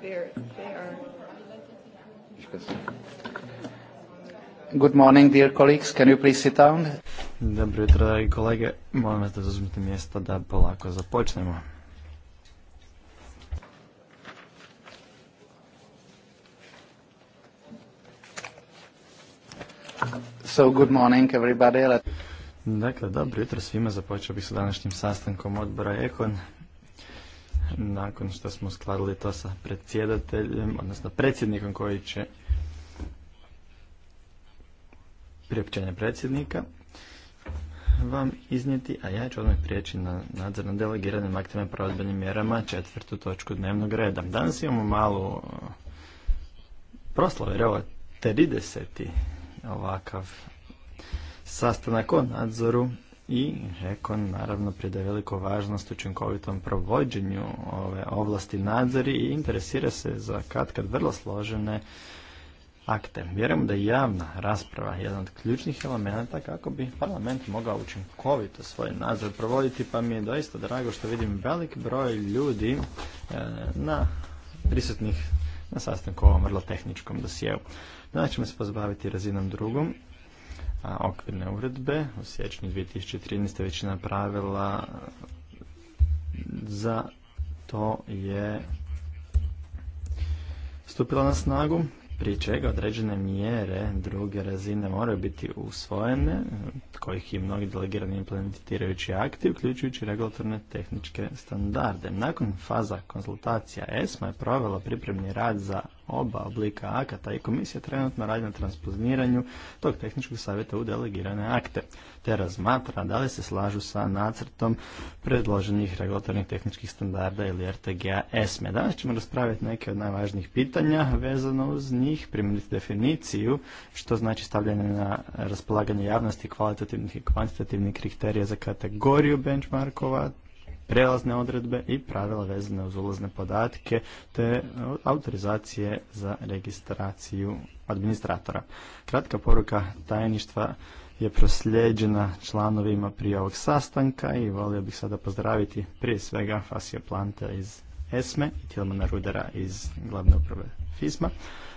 they are... Good morning, dear colleagues. Can you please sit down? Dobro jutro, dragi kolege. Molim vas da zauzmite mjesto da polako započnemo. So, good morning, everybody. Dakle, dobro jutro svima. Započeo bih sa današnjim sastankom odbora Ekon nakon što smo skladili to sa predsjedateljem, odnosno predsjednikom koji će priopćenje predsjednika vam iznijeti, a ja ću odmah prijeći na nadzor na delegiranim aktima i mjerama četvrtu točku dnevnog reda. Danas imamo malu e, proslavu, jer ovo 30. ovakav sastanak o nadzoru i Rekon naravno pride veliku važnost učinkovitom provođenju ove ovlasti nadzori i interesira se za kad kad vrlo složene akte. Vjerujem da je javna rasprava jedan od ključnih elemenata kako bi parlament mogao učinkovito svoj nadzor provoditi, pa mi je doista drago što vidim velik broj ljudi e, na prisutnih na sastanku ovom vrlo tehničkom dosjeu. Danas ćemo se pozbaviti razinom drugom, okvirne uredbe u siječnju 2013. većina pravila za to je stupila na snagu, prije čega određene mjere druge razine moraju biti usvojene, kojih je mnogi delegirani implementirajući akti, uključujući regulatorne tehničke standarde. Nakon faza konzultacija ESMA je provela pripremni rad za oba oblika akata i komisija trenutno radi na transponiranju tog tehničkog savjeta u delegirane akte, te razmatra da li se slažu sa nacrtom predloženih regulatornih tehničkih standarda ili RTGA ESME. Danas ćemo raspraviti neke od najvažnijih pitanja vezano uz njih, primjeriti definiciju što znači stavljanje na raspolaganje javnosti kvalitativnih i kvantitativnih kriterija za kategoriju benchmarkova, prelazne odredbe i pravila vezane uz ulazne podatke te e, autorizacije za registraciju administratora. Kratka poruka tajništva je prosljeđena članovima prije ovog sastanka i volio bih sada pozdraviti prije svega Fasio Planta iz ESME i Tilmana Rudera iz glavne uprave FISMA,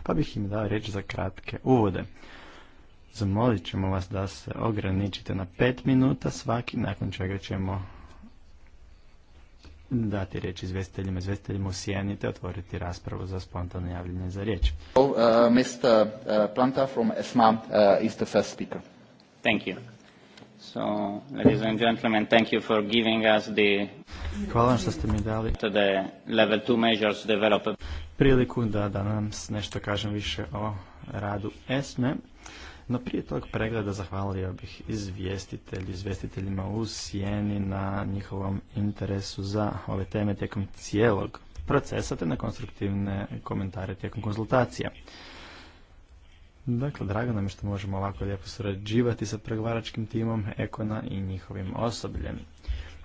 pa bih im dao reći za kratke uvode. Zamolit ćemo vas da se ograničite na pet minuta svaki, nakon čega ćemo dati riječ izvestiteljima, izvestiteljima u Sijeni te otvoriti raspravu za spontano javljanje za riječ. Oh, uh, Mr. Uh, Planta from ESMA uh, is the first speaker. Thank you. So, ladies and gentlemen, thank you for giving us the... Hvala vam što ste mi dali to the level 2 measures developed. priliku da danas nešto kažem više o radu ESME. No prije tog pregleda zahvalio bih izvjestitelj, izvjestiteljima u sjeni na njihovom interesu za ove teme tijekom cijelog procesa te na konstruktivne komentare tijekom konzultacija. Dakle, drago nam je što možemo ovako lijepo surađivati sa pregovaračkim timom Ekona i njihovim osobljem.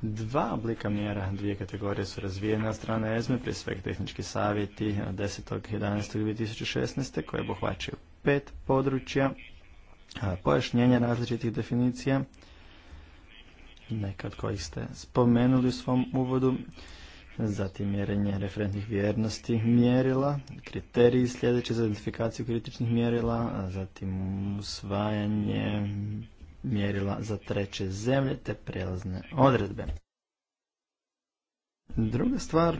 Dva oblika mjera, dvije kategorije su razvijene od strane ESME, prije svega tehnički savjeti od 2016. koje obuhvaćaju pet područja pojašnjenje različitih definicija, nekad koji ste spomenuli u svom uvodu, zatim mjerenje referentnih vjernosti mjerila, kriteriji sljedeće za identifikaciju kritičnih mjerila, zatim usvajanje mjerila za treće zemlje te prelazne odredbe. Druga stvar, e,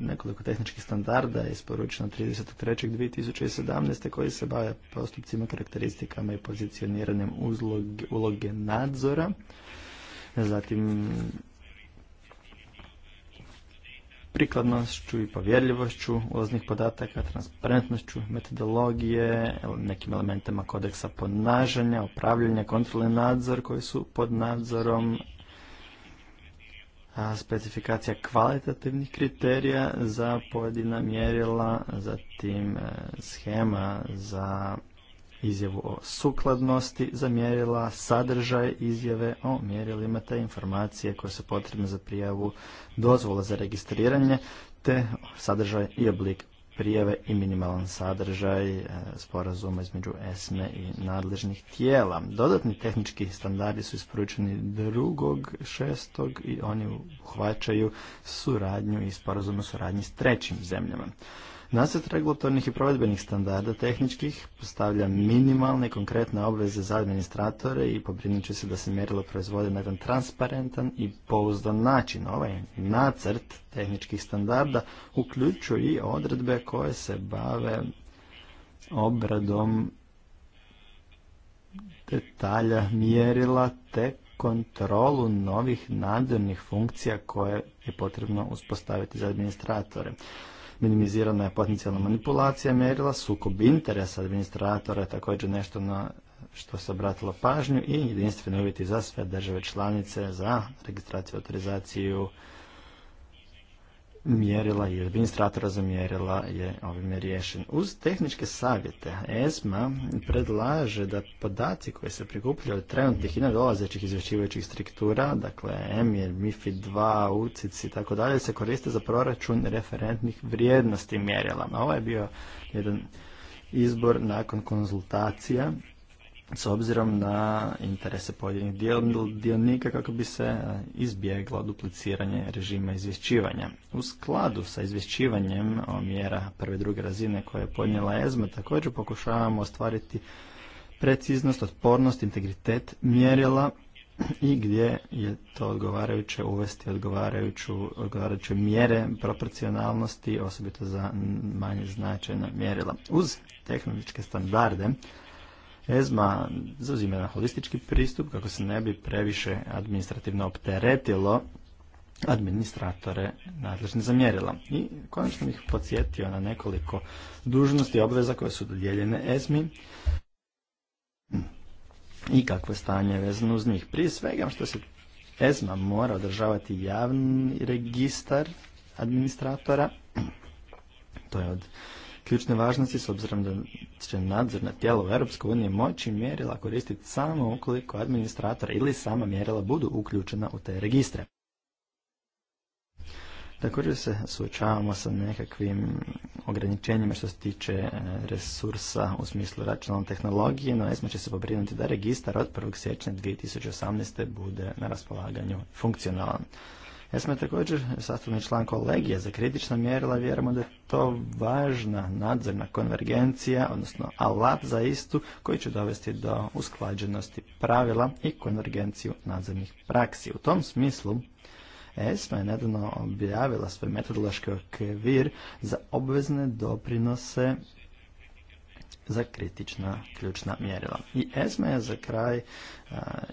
nekoliko tehničkih standarda je isporučeno 33.2017. koji se bave postupcima, karakteristikama i pozicioniranjem uloge nadzora. Zatim prikladnošću i povjerljivošću ulaznih podataka, transparentnošću, metodologije, nekim elementima kodeksa ponažanja upravljanja, kontrole nadzor koji su pod nadzorom specifikacija kvalitativnih kriterija za pojedina mjerila, zatim e, schema za izjavu o sukladnosti za mjerila, sadržaj izjave o mjerilima te informacije koje su potrebne za prijavu dozvola za registriranje, te sadržaj i oblik prijave i minimalan sadržaj e, sporazuma između ESME i nadležnih tijela. Dodatni tehnički standardi su isporučeni drugog šestog i oni uhvaćaju suradnju i sporazum o suradnji s trećim zemljama. Nacrt regulatornih i provedbenih standarda tehničkih postavlja minimalne i konkretne obveze za administratore i pobrinut se da se mjerilo proizvode na jedan transparentan i pouzdan način. Ovaj nacrt tehničkih standarda uključuje i odredbe koje se bave obradom detalja mjerila te kontrolu novih nadzornih funkcija koje je potrebno uspostaviti za administratore minimizirana je potencijalna manipulacija mjerila, sukob interesa administratora je također nešto na što se obratilo pažnju i jedinstveni uvjeti za sve države članice za registraciju, autorizaciju, mjerila i administratora za mjerila je ovime riješen. Uz tehničke savjete, ESMA predlaže da podaci koji se prikupljaju od trenutnih i nadolazećih izvješćivajućih struktura, dakle EMIR, MIFID 2, UCIC i tako dalje, se koriste za proračun referentnih vrijednosti mjerila. Ovo ovaj je bio jedan izbor nakon konzultacija s obzirom na interese pojedinih dionika kako bi se e, izbjeglo dupliciranje režima izvješćivanja. U skladu sa izvješćivanjem o mjera prve i druge razine koje je podnijela ESMA također pokušavamo ostvariti preciznost, otpornost, integritet mjerila i gdje je to odgovarajuće uvesti odgovarajuću, odgovarajuće mjere proporcionalnosti, osobito za manje značajna mjerila. Uz tehnološke standarde EZMA zauzima jedan holistički pristup kako se ne bi previše administrativno opteretilo administratore nadležne za I konačno bih podsjetio na nekoliko dužnosti i obveza koje su dodijeljene ESMI i kakvo je stanje vezano uz njih. Prije svega što se ezma mora održavati javni registar administratora, to je od ključne važnosti s obzirom da će na tijelo u EU moći mjerila koristiti samo ukoliko administrator ili sama mjerila budu uključena u te registre. Također se suočavamo sa nekakvim ograničenjima što se tiče e, resursa u smislu računalne tehnologije, no ESMA će se pobrinuti da registar od 1. siječnja 2018. bude na raspolaganju funkcionalan. Ja također sastavni član kolegija za kritična mjerila, vjerujemo da je to važna nadzorna konvergencija, odnosno alat za istu koji će dovesti do usklađenosti pravila i konvergenciju nadzornih praksi. U tom smislu ESMA je nedavno objavila svoj metodološki okvir za obvezne doprinose za kritična ključna mjerila. I ESMA je za kraj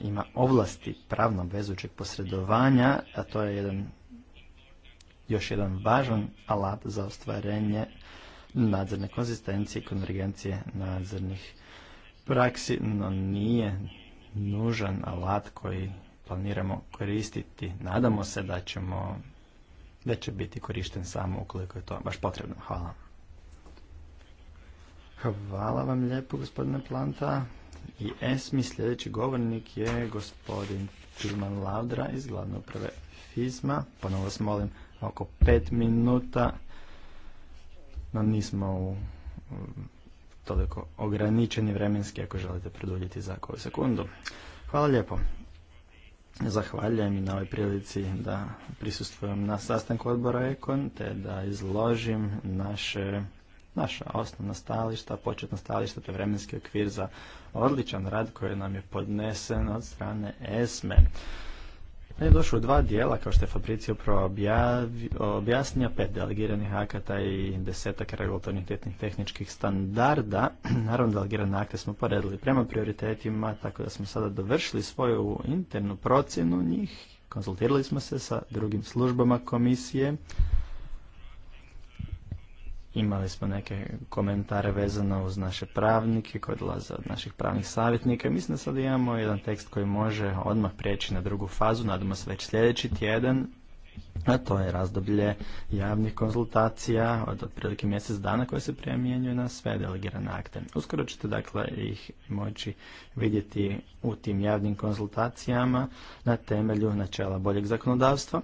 ima ovlasti pravno obvezujućeg posredovanja, a to je jedan još jedan važan alat za ostvarenje nadzorne konzistencije i konvergencije nadzornih praksi, no nije nužan alat koji planiramo koristiti. Nadamo se da ćemo da će biti korišten samo ukoliko je to baš potrebno. Hvala. Hvala vam lijepo gospodine Planta. I ESMI sljedeći govornik je gospodin Tilman Laudra iz glavne uprave FISMA. Ponovo vas molim oko pet minuta. No nismo u toliko ograničeni vremenski ako želite produljiti za koju sekundu. Hvala lijepo. Zahvaljujem i na ovoj prilici da prisustvujem na sastanku odbora Ekon te da izložim naše naša osnovna stajališta, početna stajališta, te vremenski okvir za odličan rad koji nam je podnesen od strane ESME. Ne je u dva dijela, kao što je Fabricio objasnio, pet delegiranih akata i desetak regulatornih tehničkih standarda. Naravno, delegirane akte smo poredili prema prioritetima, tako da smo sada dovršili svoju internu procjenu njih. Konzultirali smo se sa drugim službama komisije, Imali smo neke komentare vezano uz naše pravnike koji dolaze od naših pravnih savjetnika. Mislim da sad imamo jedan tekst koji može odmah prijeći na drugu fazu, nadamo se već sljedeći tjedan, a to je razdoblje javnih konzultacija od otprilike mjesec dana koje se primjenjuje na sve delegirane akte. Uskoro ćete dakle ih moći vidjeti u tim javnim konzultacijama na temelju načela boljeg zakonodavstva.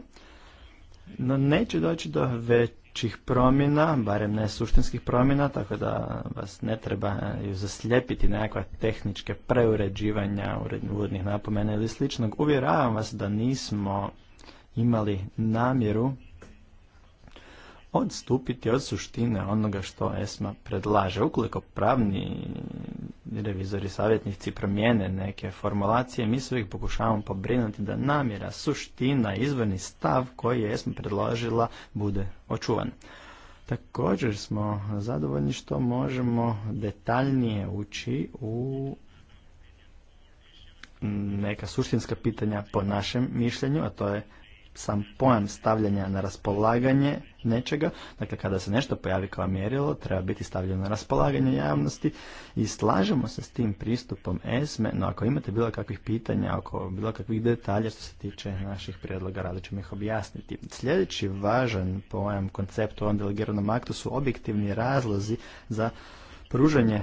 No neće doći do već većih promjena, barem ne suštinskih promjena, tako da vas ne treba zaslijepiti nekakva tehničke preuređivanja uvodnih napomena ili sličnog. Uvjeravam vas da nismo imali namjeru odstupiti od suštine onoga što ESMA predlaže. Ukoliko pravni revizori savjetnici promijene neke formulacije, mi se uvijek pokušavamo pobrinuti da namjera, suština, izvorni stav koji je ESMA predložila bude očuvan. Također smo zadovoljni što možemo detaljnije ući u neka suštinska pitanja po našem mišljenju, a to je sam pojam stavljanja na raspolaganje nečega, dakle kada se nešto pojavi kao mjerilo, treba biti stavljeno na raspolaganje javnosti i slažemo se s tim pristupom ESME, no ako imate bilo kakvih pitanja, ako bilo kakvih detalja što se tiče naših prijedloga, rado ćemo ih objasniti. Sljedeći važan pojam konceptu u ovom delegiranom aktu su objektivni razlozi za pružanje e,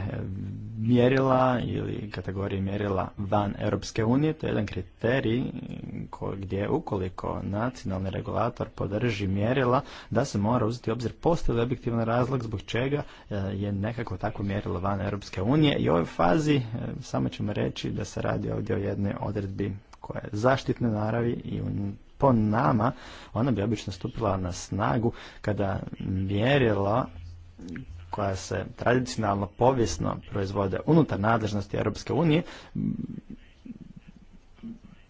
mjerila ili kategorije mjerila van Europske unije, to je jedan kriterij gdje ukoliko nacionalni regulator podrži mjerila, da se mora uzeti obzir postoji objektivan razlog zbog čega e, je nekako tako mjerilo van Europske unije i u ovoj fazi e, samo ćemo reći da se radi ovdje o jednoj odredbi koja je zaštitne naravi i po nama ona bi obično stupila na snagu kada mjerila koja se tradicionalno povijesno proizvode unutar nadležnosti Europske unije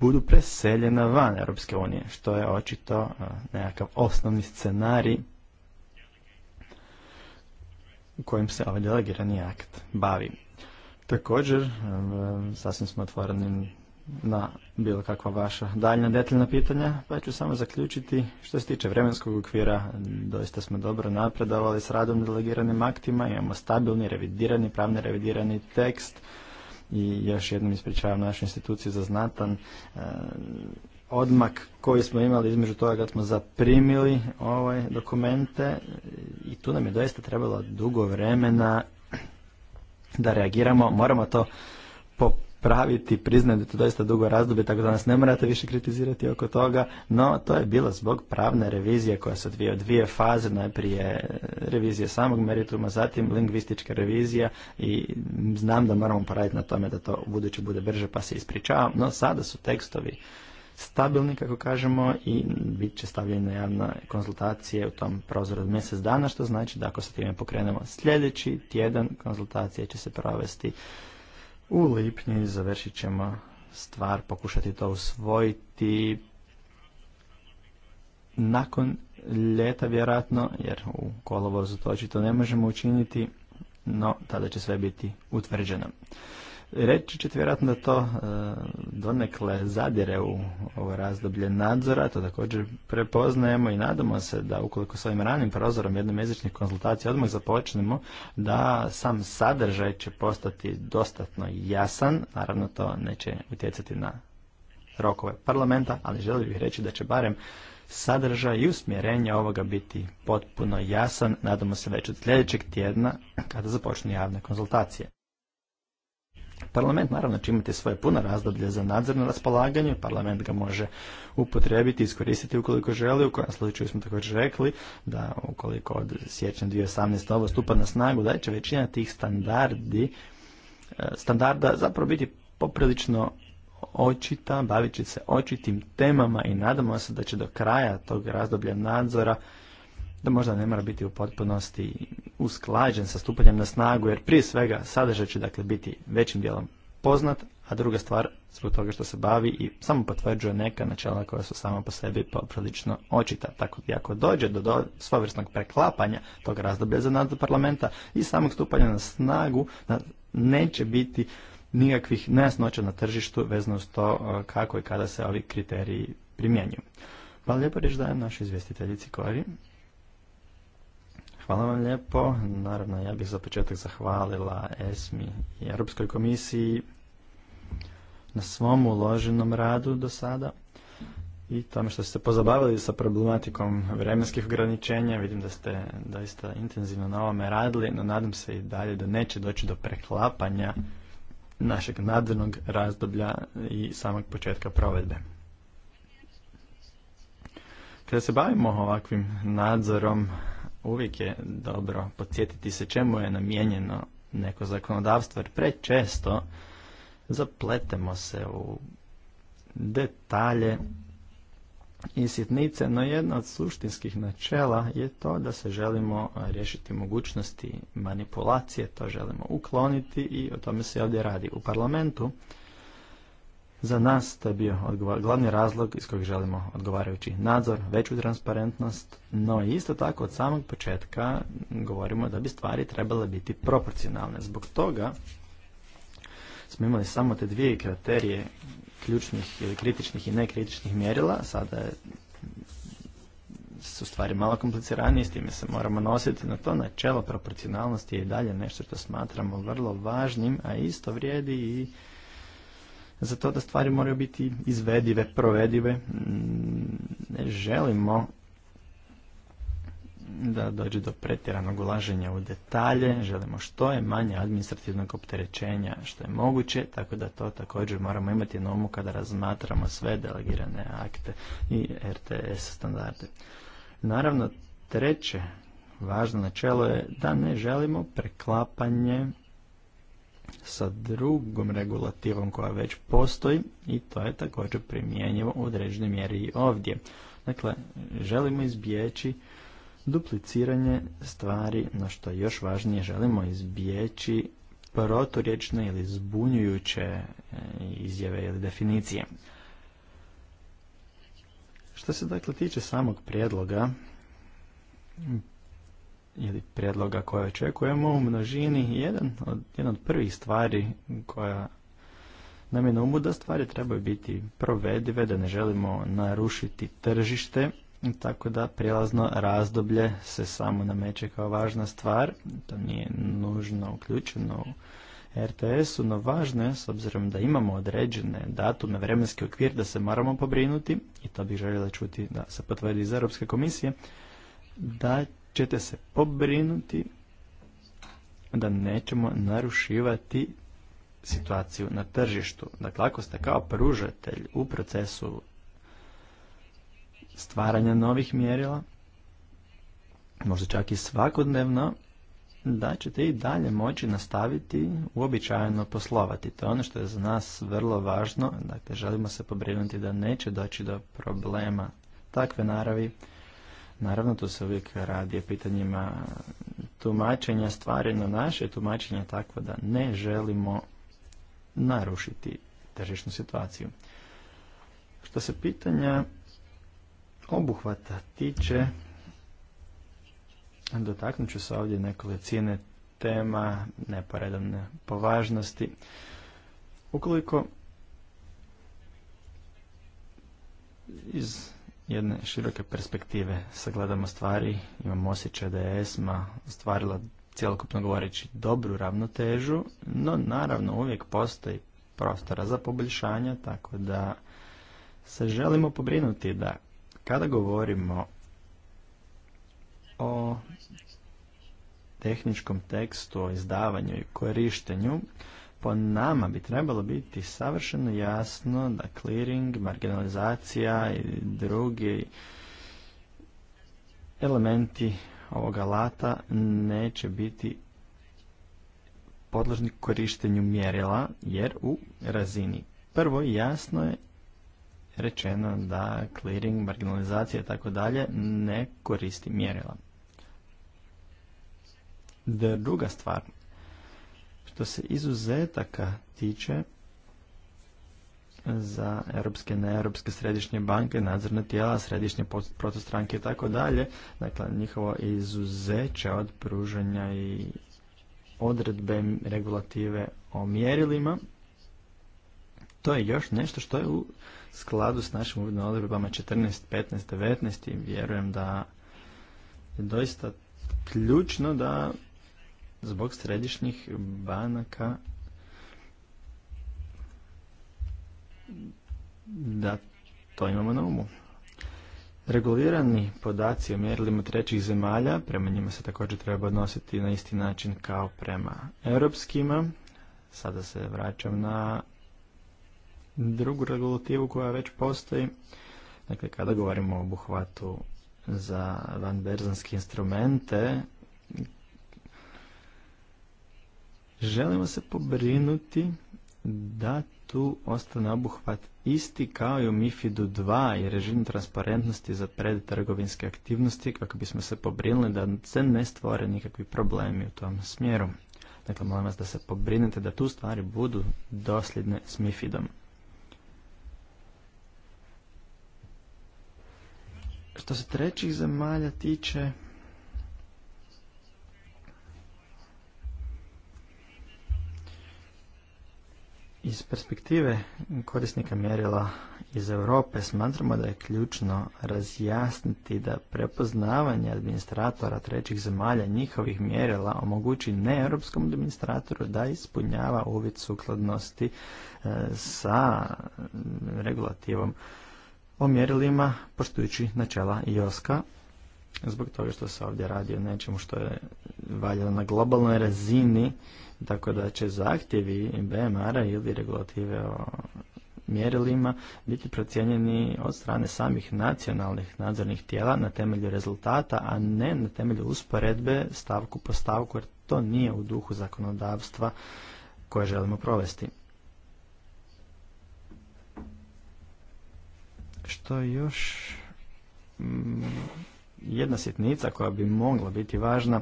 budu preseljena van Europske unije, što je očito e, nekakav osnovni scenarij u kojem se ovaj delegirani akt bavi. Također, e, sasvim smo otvoreni na bilo kakva vaša daljna detaljna pitanja, pa ću samo zaključiti što se tiče vremenskog okvira, doista smo dobro napredovali s radom delegiranim aktima, imamo stabilni, revidirani, pravni revidirani tekst i još jednom ispričavam našu instituciju za znatan e, odmak koji smo imali između toga kad smo zaprimili ove ovaj dokumente i tu nam je doista trebalo dugo vremena da reagiramo, moramo to po ispraviti, priznajem da to doista dugo razdoblje, tako da nas ne morate više kritizirati oko toga, no to je bilo zbog pravne revizije koja se odvija u dvije faze, najprije e, revizije samog merituma, zatim lingvistička revizija i znam da moramo poraditi na tome da to u budući bude brže pa se ispričavam, no sada su tekstovi stabilni, kako kažemo, i bit će stavljene javne konzultacije u tom prozoru od mjesec dana, što znači da ako se time pokrenemo sljedeći tjedan, konzultacije će se provesti u lipnju završit ćemo stvar, pokušati to usvojiti nakon ljeta vjerojatno, jer u kolovozu to očito ne možemo učiniti, no tada će sve biti utvrđeno. Reći ćete vjerojatno da to e, donekle zadire u ovo razdoblje nadzora, to također prepoznajemo i nadamo se da ukoliko s ovim ranim prozorom jednomezičnih konzultacija odmah započnemo, da sam sadržaj će postati dostatno jasan, naravno to neće utjecati na rokove parlamenta, ali želio bih reći da će barem sadržaj i usmjerenje ovoga biti potpuno jasan, nadamo se već od sljedećeg tjedna kada započnu javne konzultacije. Parlament naravno će imati svoje puno razdoblje za nadzor na raspolaganju, parlament ga može upotrebiti, iskoristiti ukoliko želi, u kojem slučaju smo također rekli da ukoliko od siječnja 2018. ovo stupa na snagu, da će većina tih standardi, e, standarda zapravo biti poprilično očita, bavit će se očitim temama i nadamo se da će do kraja tog razdoblja nadzora da možda ne mora biti u potpunosti usklađen sa stupanjem na snagu, jer prije svega sadržaj će dakle biti većim dijelom poznat, a druga stvar zbog toga što se bavi i samo potvrđuje neka načela koja su sama po sebi poprilično očita. Tako da ako dođe do, do preklapanja tog razdoblja za nadzor parlamenta i samog stupanja na snagu, neće biti nikakvih nejasnoća na tržištu vezano s to e, kako i kada se ovi kriteriji primjenjuju. Hvala lijepo reći dajem našoj izvjestiteljici Kori. Hvala vam lijepo. Naravno, ja bih za početak zahvalila ESMI i Europskoj komisiji na svom uloženom radu do sada i tome što ste pozabavili sa problematikom vremenskih ograničenja. Vidim da ste doista intenzivno na ovome radili, no nadam se i dalje da neće doći do preklapanja našeg nadzornog razdoblja i samog početka provedbe. Kada se bavimo ovakvim nadzorom, uvijek je dobro podsjetiti se čemu je namijenjeno neko zakonodavstvo, jer prečesto zapletemo se u detalje i sitnice, no jedna od suštinskih načela je to da se želimo riješiti mogućnosti manipulacije, to želimo ukloniti i o tome se ovdje radi u parlamentu. Za nas to je bio glavni razlog iz kojeg želimo odgovarajući nadzor, veću transparentnost, no isto tako od samog početka govorimo da bi stvari trebale biti proporcionalne. Zbog toga smo imali samo te dvije kriterije ključnih ili kritičnih i nekritičnih mjerila, sada su stvari malo kompliciranije, s time se moramo nositi na to. Načelo proporcionalnosti je i dalje nešto što smatramo vrlo važnim, a isto vrijedi i za to da stvari moraju biti izvedive, provedive. Mm, ne želimo da dođe do pretjeranog ulaženja u detalje, želimo što je manje administrativnog opterećenja što je moguće, tako da to također moramo imati na umu kada razmatramo sve delegirane akte i RTS standarde. Naravno, treće važno načelo je da ne želimo preklapanje sa drugom regulativom koja već postoji i to je također primjenjivo u određenoj mjeri i ovdje. Dakle, želimo izbjeći dupliciranje stvari, no što je još važnije, želimo izbjeći proturječne ili zbunjujuće e, izjave ili definicije. Što se dakle tiče samog prijedloga, ili prijedloga koje očekujemo u množini, jedan od, jedna od prvih stvari koja nam je na umu da stvari trebaju biti provedive, da ne želimo narušiti tržište, tako da prijelazno razdoblje se samo nameće kao važna stvar, to nije nužno uključeno u RTS-u, no važno je, s obzirom da imamo određene datume, vremenski okvir, da se moramo pobrinuti, i to bih željela čuti da se potvrdi iz Europske komisije, da ćete se pobrinuti da nećemo narušivati situaciju na tržištu. Dakle, ako ste kao pružatelj u procesu stvaranja novih mjerila, možda čak i svakodnevno, da ćete i dalje moći nastaviti uobičajeno poslovati. To je ono što je za nas vrlo važno, dakle želimo se pobrinuti da neće doći do problema takve naravi Naravno, to se uvijek radi o pitanjima tumačenja stvari, na naše tumačenje je takvo da ne želimo narušiti tržišnu situaciju. Što se pitanja obuhvata tiče, dotaknut ću se ovdje cijene tema po považnosti. Ukoliko iz jedne široke perspektive sagledamo stvari, imamo osjećaj da je ESMA stvarila cjelokupno govoreći dobru ravnotežu, no naravno uvijek postoji prostora za poboljšanja, tako da se želimo pobrinuti da kada govorimo o tehničkom tekstu, o izdavanju i korištenju, po nama bi trebalo biti savršeno jasno da clearing, marginalizacija i drugi elementi ovog alata neće biti podložni korištenju mjerila, jer u razini prvo jasno je rečeno da clearing, marginalizacija i tako dalje ne koristi mjerila. Druga stvar, što se izuzetaka tiče za europske, neeuropske središnje banke, nadzorna tijela, središnje protostranke i tako dalje, dakle njihovo izuzeće od pružanja i odredbe regulative o mjerilima, to je još nešto što je u skladu s našim uvodnim odredbama 14, 15, 19 i vjerujem da je doista ključno da zbog središnjih banaka da to imamo na umu. Regulirani podaci o mjerilima trećih zemalja, prema njima se također treba odnositi na isti način kao prema europskima. Sada se vraćam na drugu regulativu koja već postoji. Dakle, kada govorimo o obuhvatu za vanberzanske instrumente, Želimo se pobrinuti da tu ostane obuhvat isti kao i u MIFID-u 2 i režim transparentnosti za predtrgovinske aktivnosti kako bismo se pobrinuli da se ne stvore nikakvi problemi u tom smjeru. Dakle, molim vas da se pobrinete da tu stvari budu dosljedne s MIFIDom. Što se trećih zemalja tiče, Iz perspektive korisnika mjerila iz Europe smatramo da je ključno razjasniti da prepoznavanje administratora trećih zemalja njihovih mjerila omogući neeuropskom administratoru da ispunjava uvjet sukladnosti e, sa regulativom o mjerilima poštujući načela IOSKA zbog toga što se ovdje radi o nečemu što je valjano na globalnoj razini tako da će zahtjevi BMR-a ili regulative o mjerilima biti procijenjeni od strane samih nacionalnih nadzornih tijela na temelju rezultata, a ne na temelju usporedbe stavku po stavku, jer to nije u duhu zakonodavstva koje želimo provesti. Što još mm, jedna sitnica koja bi mogla biti važna,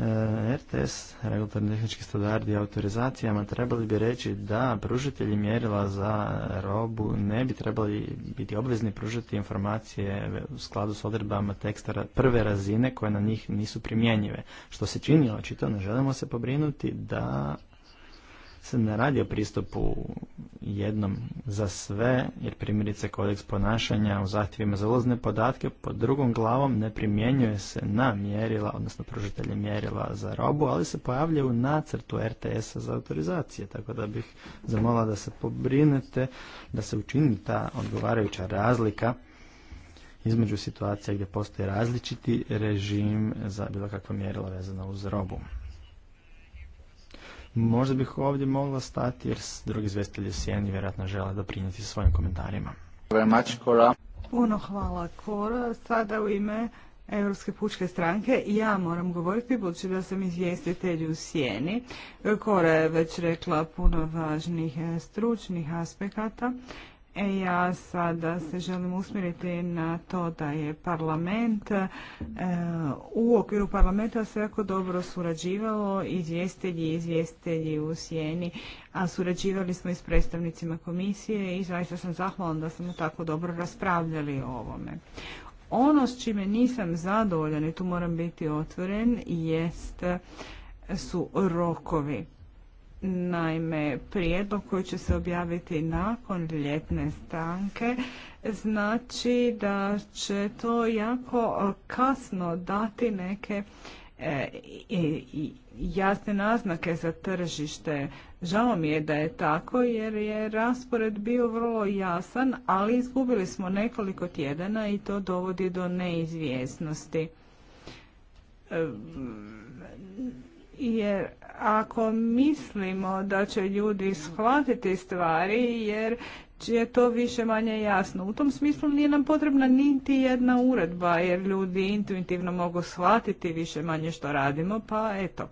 E, RTS, regulatorni tehnički standardi i autorizacijama trebali bi reći da pružitelji mjerila za robu ne bi trebali biti obvezni pružiti informacije u skladu s odredbama teksta prve razine koje na njih nisu primjenjive. Što se čini očito, ne želimo se pobrinuti da se ne radi o pristupu jednom za sve, jer primjerice kodeks ponašanja u zahtjevima za ulazne podatke pod drugom glavom ne primjenjuje se na mjerila, odnosno pružitelje mjerila za robu, ali se pojavlja u nacrtu RTS-a za autorizacije, tako da bih zamolila da se pobrinete, da se učini ta odgovarajuća razlika između situacija gdje postoji različiti režim za bilo kakva mjerila vezana uz robu. Možda bih ovdje mogla stati jer drugi izvestitelji sjeni vjerojatno žele doprinijeti svojim komentarima. Puno hvala Kora. Sada u ime Europske pučke stranke ja moram govoriti budući da sam izvjestitelj u Sjeni. Kora je već rekla puno važnih e, stručnih aspekata E, ja sada se želim usmjeriti na to da je parlament e, u okviru parlamenta se jako dobro surađivalo, izvjestelji i izvjestelji u sjeni, a surađivali smo i s predstavnicima komisije i zaista sam zahvalan da smo tako dobro raspravljali o ovome. Ono s čime nisam zadovoljan i tu moram biti otvoren jest su rokovi. Naime, prijedlog koji će se objaviti nakon ljetne stanke znači da će to jako kasno dati neke e, i jasne naznake za tržište. Žao mi je da je tako jer je raspored bio vrlo jasan, ali izgubili smo nekoliko tjedana i to dovodi do neizvjesnosti. E, jer ako mislimo da će ljudi shvatiti stvari jer je to više manje jasno. U tom smislu nije nam potrebna niti jedna uredba jer ljudi intuitivno mogu shvatiti više manje što radimo pa eto.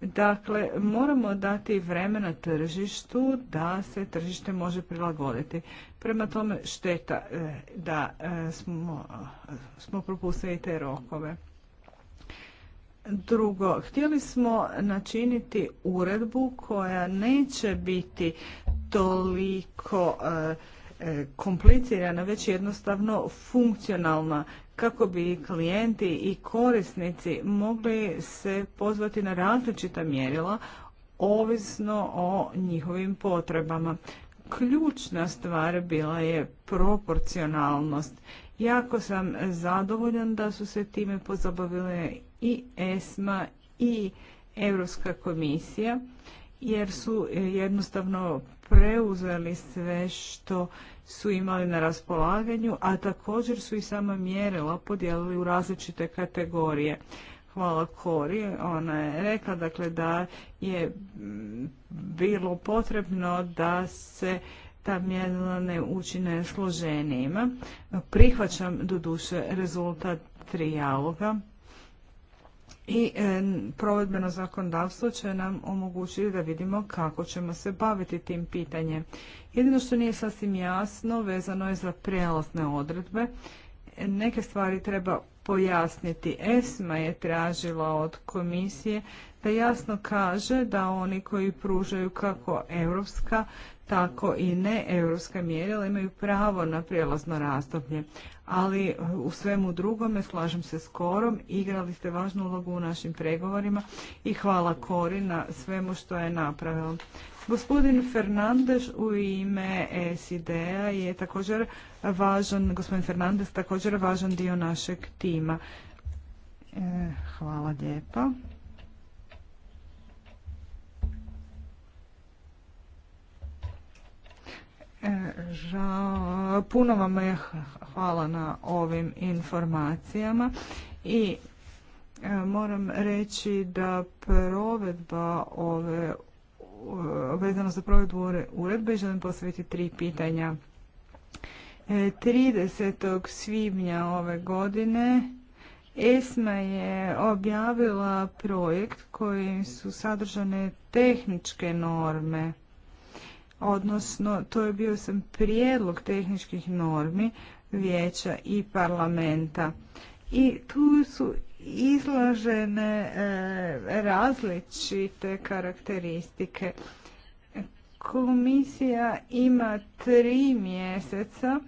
Dakle, moramo dati vremena tržištu da se tržište može prilagoditi. Prema tome šteta e, da e, smo, smo propustili te rokove. Drugo, htjeli smo načiniti uredbu koja neće biti toliko e, e, komplicirana, već jednostavno funkcionalna kako bi klijenti i korisnici mogli se pozvati na različita mjerila ovisno o njihovim potrebama. Ključna stvar bila je proporcionalnost. Jako sam zadovoljan da su se time pozabavile i ESMA i Europska komisija jer su e, jednostavno preuzeli sve što su imali na raspolaganju, a također su i sama mjerila podijelili u različite kategorije. Hvala Kori, ona je rekla dakle, da je mm, bilo potrebno da se ta mjerila ne učine složenijima. Prihvaćam doduše rezultat trijaloga i e, provedbeno zakonodavstvo će nam omogućiti da vidimo kako ćemo se baviti tim pitanjem. Jedino što nije sasvim jasno vezano je za prijelazne odredbe. Neke stvari treba pojasniti. ESMA je tražila od komisije da jasno kaže da oni koji pružaju kako europska, tako i ne europska mjerila imaju pravo na prijelazno razdoblje. Ali e, u svemu drugome, slažem se s Korom, igrali ste važnu ulogu u našim pregovorima i hvala Kori na svemu što je napravila. Gospodin Fernandez u ime SID-a je također važan, gospodin Fernandez također važan dio našeg tima. E, hvala lijepa. žao, puno vam je hvala na ovim informacijama i e, moram reći da provedba ove e, vezano za provedbu uredbe želim postaviti tri pitanja. 30. E, svibnja ove godine ESMA je objavila projekt kojim su sadržane tehničke norme odnosno to je bio sam prijedlog tehničkih normi vijeća i parlamenta. I tu su izložene e, različite karakteristike. Komisija ima tri mjeseca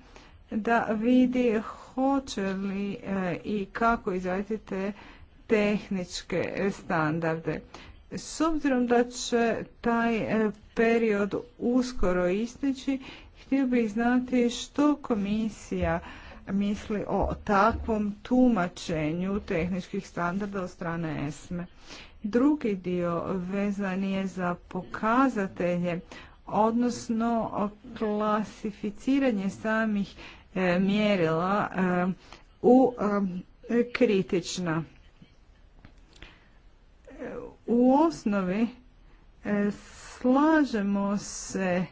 da vidi hoće li e, i kako izraditi te tehničke standarde. S obzirom da će taj e, period uskoro isteći, htio bih znati što komisija misli o takvom tumačenju tehničkih standarda od strane ESME. Drugi dio vezan je za pokazatelje, odnosno klasificiranje samih e, mjerila e, u kritična u osnovi e, slažemo se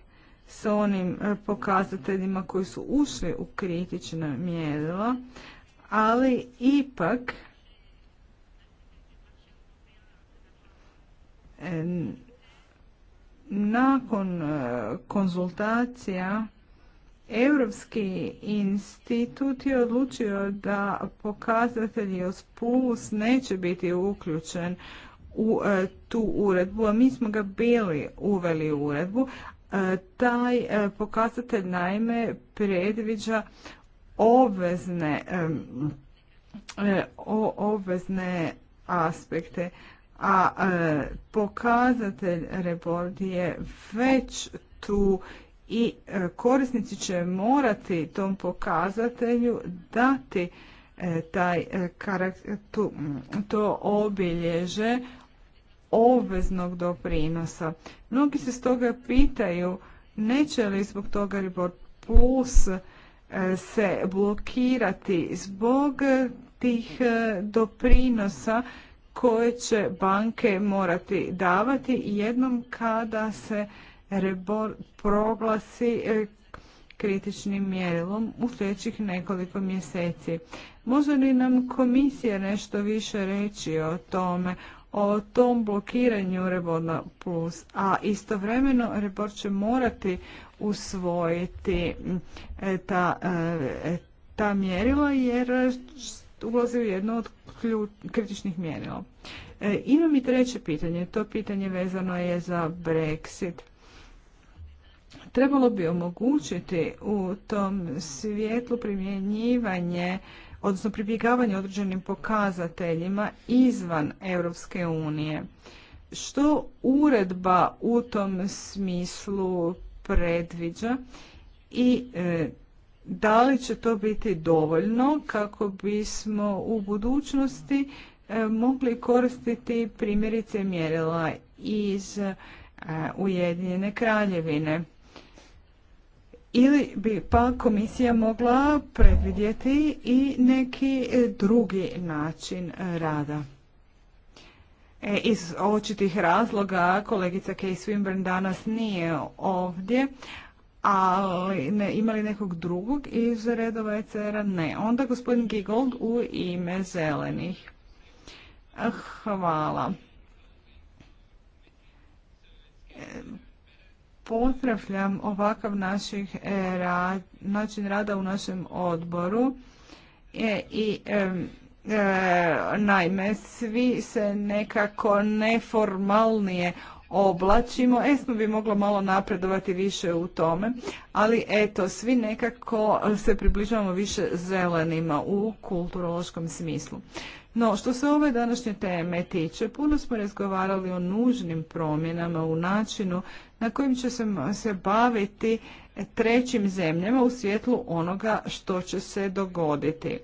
s onim e, pokazateljima koji su ušli u kritična mjerila, ali ipak e, nakon konzultacija Europski institut je odlučio da pokazatelji od plus neće biti uključen u e, tu uredbu, a mi smo ga bili uveli u uredbu, e, taj e, pokazatelj naime predviđa obvezne o obvezne aspekte, a pokazatelj Rebord je već tu i korisnici će morati tom pokazatelju dati taj, to obilježe obveznog doprinosa. Mnogi se stoga pitaju neće li zbog toga Ribor Plus e, se blokirati zbog tih e, doprinosa koje će banke morati davati jednom kada se Rebor proglasi e, kritičnim mjerilom u sljedećih nekoliko mjeseci. Može li nam komisija nešto više reći o tome? o tom blokiranju Rebona Plus, a istovremeno Rebor će morati usvojiti e, ta, e, e, ta mjerila jer ulazi u jedno od kritičnih mjerila. Imam i treće pitanje, to pitanje vezano je za Brexit. Trebalo bi omogućiti u tom svijetlu primjenjivanje odnosno pribjegavanje određenim pokazateljima izvan Europske unije. Što uredba u tom smislu predviđa i e, da li će to biti dovoljno kako bismo u budućnosti e, mogli koristiti primjerice mjerila iz e, Ujedinjene kraljevine ili bi pa komisija mogla predvidjeti i neki e, drugi način e, rada. E, iz očitih razloga kolegica Kay Swinburne danas nije ovdje, ali ne, ima li nekog drugog iz redova ECR-a? Ne. Onda gospodin Gigold u ime zelenih. E, hvala pozdravljam ovakav naših e, rad, način rada u našem odboru e, i e, naime svi se nekako neformalnije oblačimo. Esmo bi moglo malo napredovati više u tome, ali eto, svi nekako se približavamo više zelenima u kulturološkom smislu. No, što se ove današnje teme tiče, puno smo razgovarali o nužnim promjenama u načinu na kojim će se, se baviti trećim zemljama u svjetlu onoga što će se dogoditi.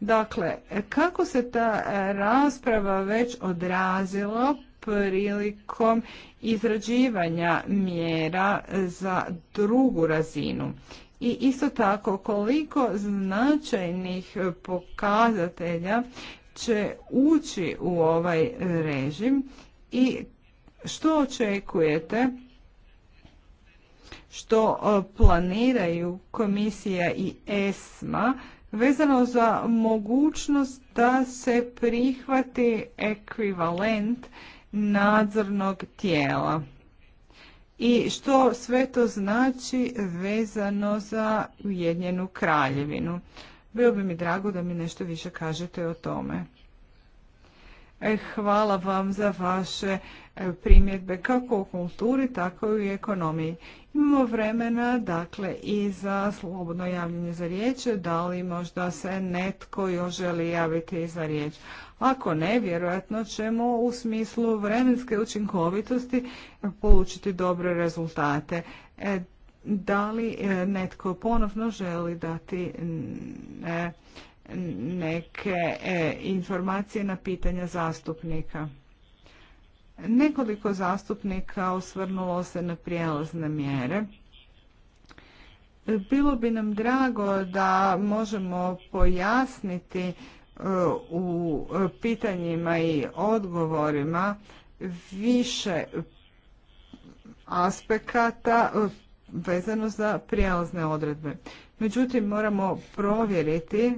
Dakle, kako se ta e, rasprava već odrazila prilikom izrađivanja mjera za drugu razinu? I isto tako koliko značajnih pokazatelja će ući u ovaj režim i što očekujete što e, planiraju komisija i ESMA vezano za mogućnost da se prihvati ekvivalent nadzornog tijela. I što sve to znači vezano za Ujedinjenu kraljevinu. Bilo bi mi drago da mi nešto više kažete o tome. E, hvala vam za vaše e, primjedbe kako u kulturi, tako i u ekonomiji. Imamo vremena, dakle, i za slobodno javljanje za riječ. Da li možda se netko još želi javiti za riječ? Ako ne, vjerojatno ćemo u smislu vremenske učinkovitosti e, polučiti dobre rezultate da li e, netko ponovno želi dati e, neke e, informacije na pitanja zastupnika. Nekoliko zastupnika osvrnulo se na prijelazne mjere. Bilo bi nam drago da možemo pojasniti u pitanjima i odgovorima više aspekata vezano za prijelazne odredbe. Međutim, moramo provjeriti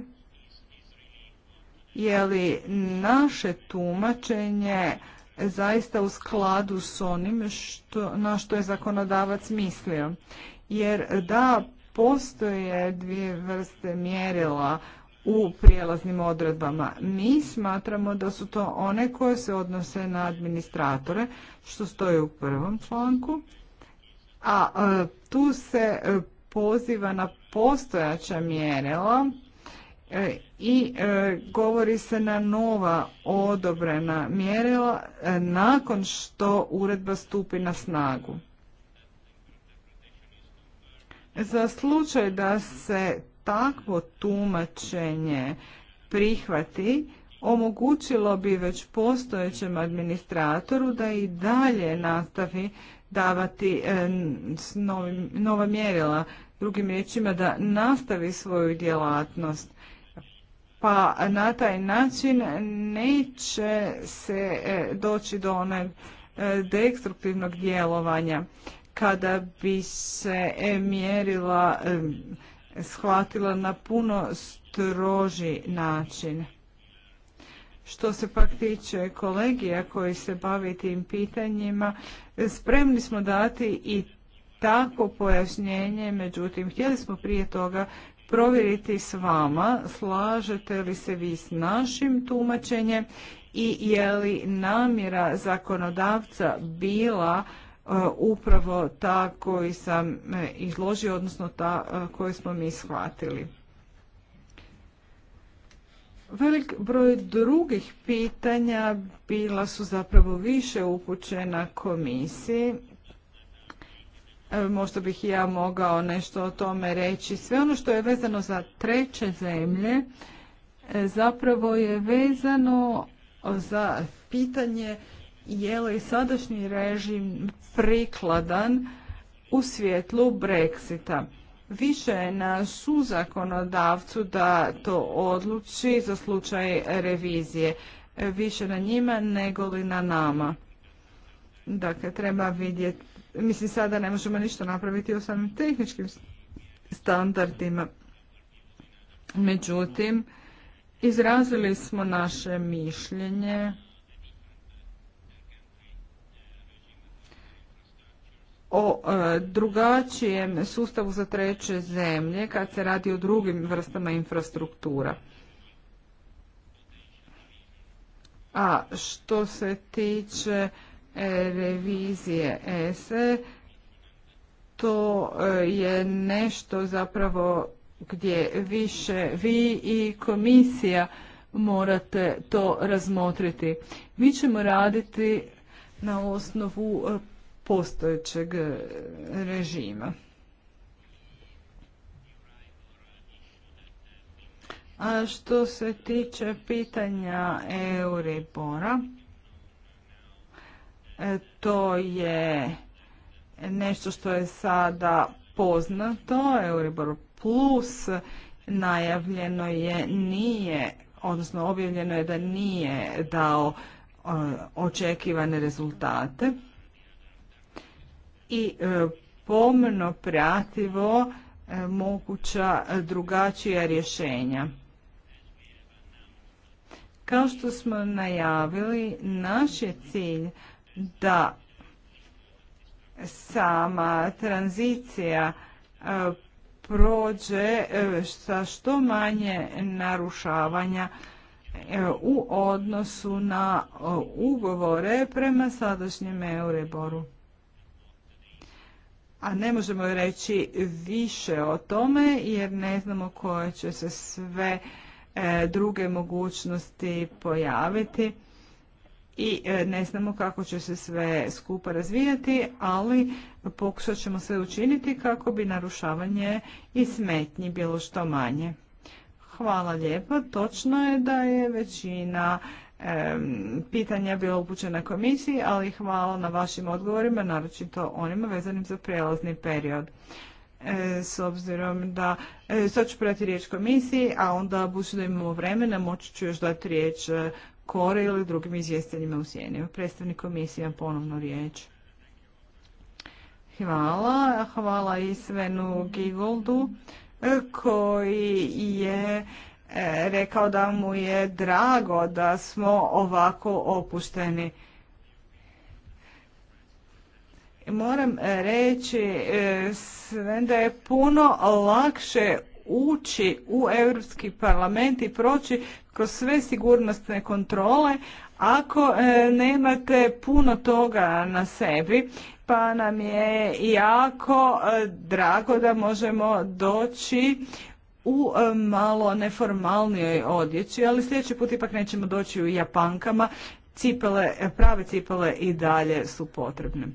je li naše tumačenje zaista u skladu s onim što, na što je zakonodavac mislio. Jer da postoje dvije vrste mjerila u prijelaznim odredbama. Mi smatramo da su to one koje se odnose na administratore, što stoji u prvom članku, a e, tu se e, poziva na postojaća mjerila e, i govori se na nova odobrena mjerila nakon što uredba stupi na snagu. Za slučaj da se takvo tumačenje prihvati, omogućilo bi već postojećem administratoru da i dalje nastavi davati e, s nova mjerila, drugim riječima da nastavi svoju djelatnost. Pa na taj način neće se e, doći do onog e, destruktivnog djelovanja kada bi se mjerila shvatila na puno stroži način. Što se pak tiče kolegija koji se bavi tim pitanjima, spremni smo dati i tako pojašnjenje, međutim, htjeli smo prije toga provjeriti s vama, slažete li se vi s našim tumačenjem i je li namjera zakonodavca bila e, upravo ta koju sam e, izložio, odnosno ta e, koju smo mi shvatili. Velik broj drugih pitanja bila su zapravo više upućena komisiji. E, možda bih i ja mogao nešto o tome reći. Sve ono što je vezano za treće zemlje e, zapravo je vezano za pitanje je li sadašnji režim prikladan u svjetlu Brexita više je na suzakonodavcu da to odluči za slučaj revizije. Više na njima nego li na nama. Dakle, treba vidjeti, mislim sada ne možemo ništa napraviti o samim tehničkim standardima. Međutim, izrazili smo naše mišljenje o e, drugačijem sustavu za treće zemlje kad se radi o drugim vrstama infrastruktura. A što se tiče e, revizije ESE, to e, je nešto zapravo gdje više vi i komisija morate to razmotriti. Mi ćemo raditi na osnovu postojećeg e, režima. A što se tiče pitanja Euribora, e, to je nešto što je sada poznato, Euribor plus najavljeno je nije, odnosno objavljeno je da nije dao e, očekivane rezultate i e, pomno prativo e, moguća drugačija rješenja. Kao što smo najavili, naš je cilj da sama tranzicija e, prođe sa što manje narušavanja u odnosu na ugovore prema sadašnjem Euriboru a ne možemo reći više o tome jer ne znamo koje će se sve e, druge mogućnosti pojaviti i e, ne znamo kako će se sve skupa razvijati, ali pokušat ćemo sve učiniti kako bi narušavanje i smetnji bilo što manje. Hvala lijepa. Točno je da je većina pitanja bila upućena komisiji, ali hvala na vašim odgovorima, naročito onima vezanim za prelazni period. E, s obzirom da, e, sad ću prati riječ komisiji, a onda budući da imamo vremena, moći ću još dati riječ e, Kore ili drugim izvjestanjima u sjeni. Predstavnik komisije ponovno riječ. Hvala. Hvala i Svenu Gigoldu koji je rekao da mu je drago da smo ovako opušteni. Moram reći e, da je puno lakše ući u Europski parlament i proći kroz sve sigurnosne kontrole ako e, nemate puno toga na sebi pa nam je jako e, drago da možemo doći u e, malo neformalnijoj odjeći, ali sljedeći put ipak nećemo doći u japankama. Cipele, e, prave cipele i dalje su potrebne.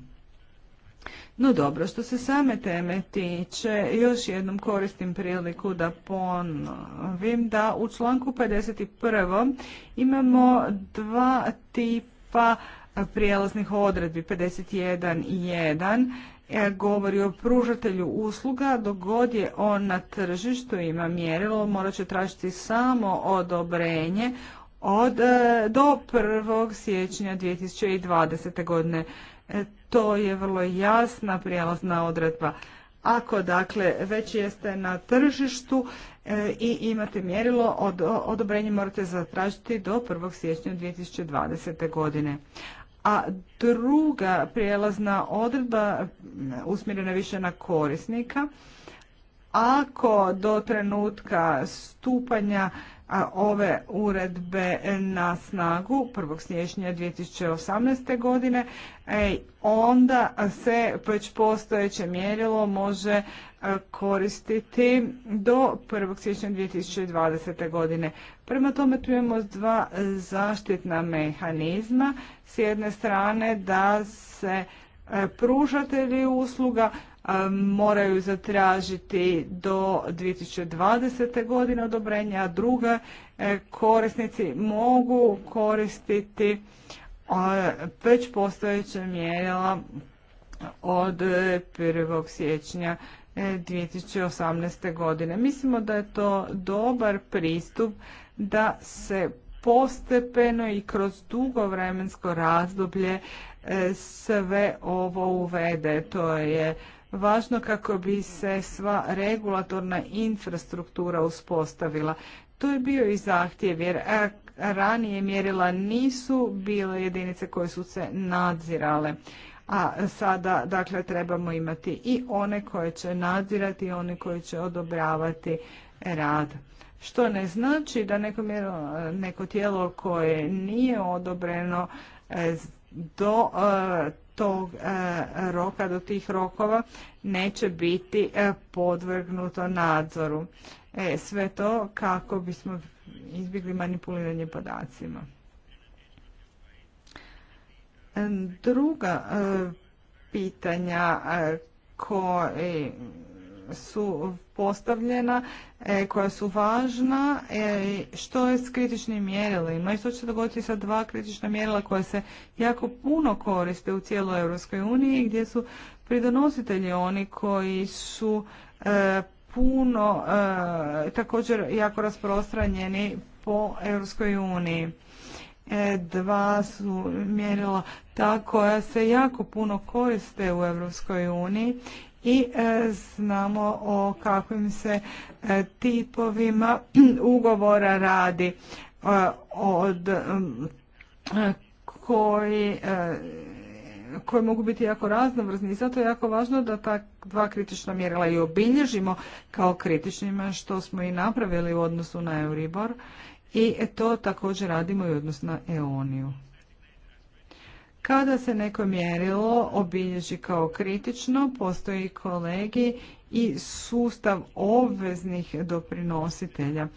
No dobro, što se same teme tiče, još jednom koristim priliku da ponovim da u članku 51. imamo dva tipa prijelaznih odredbi jedan E, govori o pružatelju usluga, dok god je on na tržištu ima mjerilo, morat će tražiti samo odobrenje od, e, do 1. siječnja 2020. godine. E, to je vrlo jasna prijelazna odredba. Ako dakle već jeste na tržištu i imate mjerilo, odobrenje morate zatražiti do 1. siječnja 2020. godine a druga prijelazna odredba usmjerena više na korisnika. Ako do trenutka stupanja ove uredbe na snagu 1. siječnja 2018. godine, e, onda se već postojeće mjerilo može koristiti do 1. siječnja 2020. godine. Prema tome tu imamo dva zaštitna mehanizma. S jedne strane da se e, pružatelji usluga e, moraju zatražiti do 2020. godine odobrenja, a druga e, korisnici mogu koristiti već postojeće mjerila od 1. siječnja 2018. godine. Mislimo da je to dobar pristup da se postepeno i kroz dugo vremensko razdoblje e, sve ovo uvede. To je važno kako bi se sva regulatorna infrastruktura uspostavila. To je bio i zahtjev jer e, ranije mjerila nisu bile jedinice koje su se nadzirale a sada dakle trebamo imati i one koje će nadzirati i one koje će odobravati rad. Što ne znači da neko, neko tijelo koje nije odobreno e, do e, tog e, roka, do tih rokova neće biti podvrgnuto nadzoru. sve to kako bismo izbjegli manipuliranje podacima. Druga e, pitanja e, koje su postavljena, e, koja su važna, što je s kritičnim mjerilima i što će se dogoditi sa dva kritična mjerila koja se jako puno koriste u cijeloj Europskoj uniji gdje su pridonositelji oni koji su puno također jako rasprostranjeni po Europskoj uniji. E dva su mjerila ta koja se jako puno koriste u Europskoj uniji i e, znamo o kakvim se e, tipovima ugovora radi od koji koji mogu biti jako raznovrzni i zato je jako važno da ta dva kritična mjerila i obilježimo kao kritičnima što smo i napravili u odnosu na Euribor i to također radimo i odnosno na EONiju. Kada se neko mjerilo obilježi kao kritično, postoji kolegi i sustav obveznih doprinositelja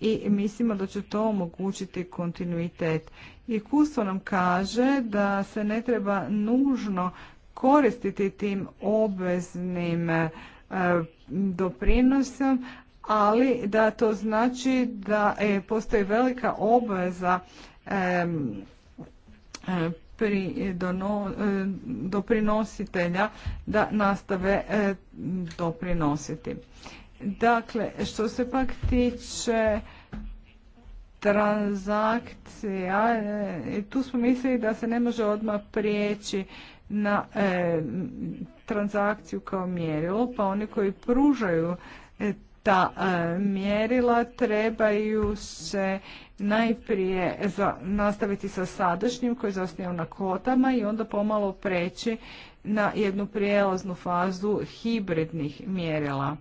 i mislimo da će to omogućiti kontinuitet. I kustvo nam kaže da se ne treba nužno koristiti tim obveznim e, doprinosom, ali da to znači da e, postoji velika obveza e, pri e, doprinositelja da nastave doprinositi. Dakle, što se pak tiče transakcija, tu smo mislili da se ne može odmah prijeći na transakciju kao mjerilo, pa oni koji pružaju ta e, mjerila trebaju se najprije za, nastaviti sa sadašnjim koji zasnijem na kvotama i onda pomalo preći na jednu prijelaznu fazu hibridnih mjerila.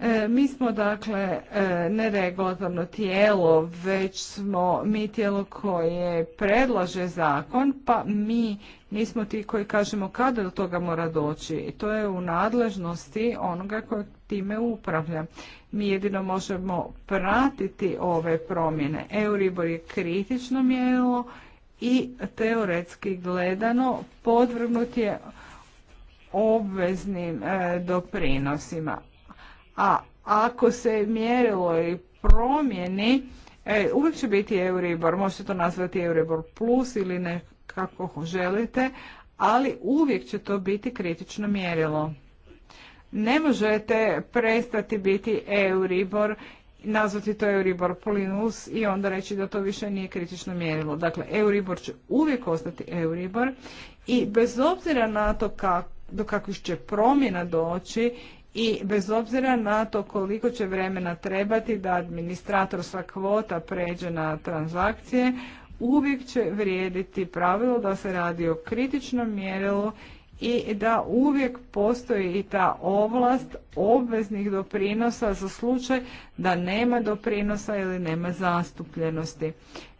E, mi smo dakle e, ne regulatorno tijelo, već smo mi tijelo koje predlaže zakon, pa mi nismo ti koji kažemo kada do toga mora doći. To je u nadležnosti onoga kojeg time upravlja. Mi jedino možemo pratiti ove promjene. Euribor je kritično mjerilo i teoretski gledano podvrgnut je obveznim e, doprinosima. A ako se mjerilo i promjeni, e, uvijek će biti Euribor, možete to nazvati Euribor plus ili ne kako želite, ali uvijek će to biti kritično mjerilo. Ne možete prestati biti Euribor, nazvati to Euribor Polinus i onda reći da to više nije kritično mjerilo. Dakle, Euribor će uvijek ostati Euribor i bez obzira na to kak, do kakvih će promjena doći i bez obzira na to koliko će vremena trebati da administratorska kvota pređe na transakcije, uvijek će vrijediti pravilo da se radi o kritičnom mjerilu i da uvijek postoji i ta ovlast obveznih doprinosa za slučaj da nema doprinosa ili nema zastupljenosti.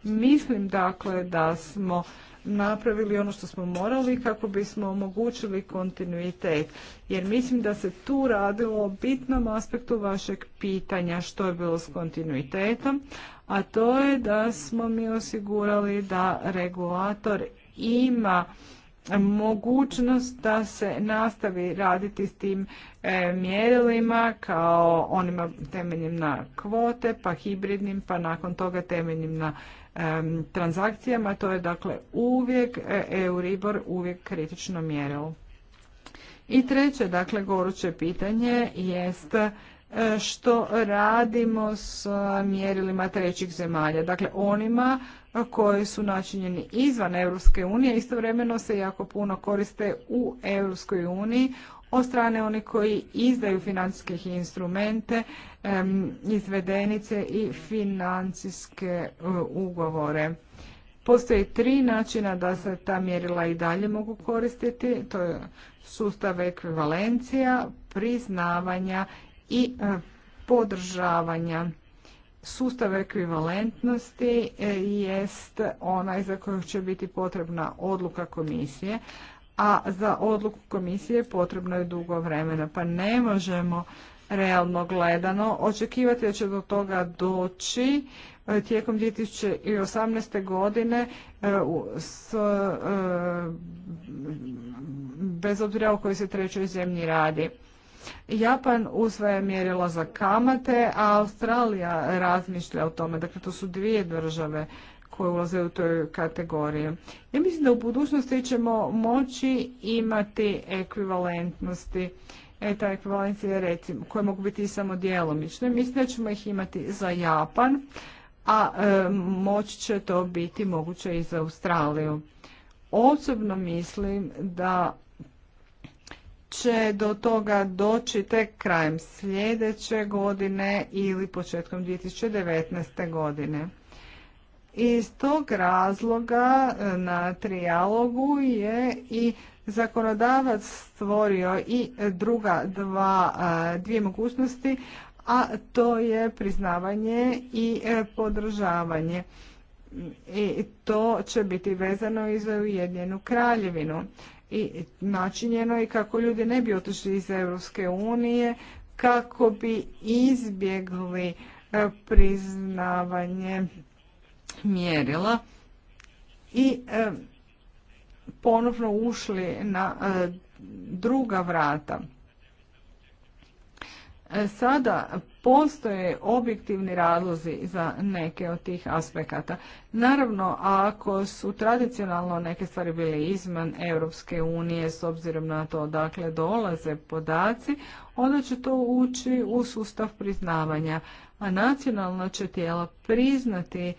Mislim dakle da smo napravili ono što smo morali kako bismo omogućili kontinuitet. Jer mislim da se tu radilo o bitnom aspektu vašeg pitanja što je bilo s kontinuitetom, a to je da smo mi osigurali da regulator ima mogućnost da se nastavi raditi s tim e, mjerilima kao onima temeljem na kvote, pa hibridnim, pa nakon toga temeljem na transakcijama. To je dakle uvijek e, Euribor, uvijek kritično mjerilo. I treće, dakle, goruće pitanje jest E, što radimo s e, mjerilima trećih zemalja. Dakle, onima e, koji su načinjeni izvan Europske unije, istovremeno se jako puno koriste u Europskoj uniji od strane onih koji izdaju financijske instrumente, izvedenice i financijske ugovore. Postoje tri načina da se ta mjerila i dalje mogu koristiti, to je sustav ekvivalencija, priznavanja i e, podržavanja. sustava ekvivalentnosti e, jest onaj za koju će biti potrebna odluka komisije, a za odluku komisije potrebno je dugo vremena, pa ne možemo realno gledano očekivati da će do toga doći e, tijekom 2018. godine s, bez obzira o kojoj se trećoj zemlji radi. Japan usvaja mjerila za kamate, a Australija razmišlja o tome. Dakle, to su dvije države koje ulaze u toj kategoriju. Ja mislim da u budućnosti ćemo moći imati ekvivalentnosti. E, ekvivalencija je recimo, koje mogu biti i samo djelomične. Mislim da ćemo ih imati za Japan, a e, moći će to biti moguće i za Australiju. Osobno mislim da će do toga doći tek krajem sljedeće godine ili početkom 2019. godine. Iz tog razloga e, na trijalogu je i zakonodavac stvorio i druga dva, e, dvije mogućnosti, a to je priznavanje i e, podržavanje. I to će biti vezano i za Ujedinjenu kraljevinu i načinjeno i kako ljudi ne bi otišli iz Europske unije kako bi izbjegli e, priznavanje mjerila i e, ponovno ušli na e, druga vrata. E, sada postoje objektivni razlozi za neke od tih aspekata. Naravno, ako su tradicionalno neke stvari bile izman Europske unije s obzirom na to dakle dolaze podaci, onda će to ući u sustav priznavanja. A nacionalna će tijela priznati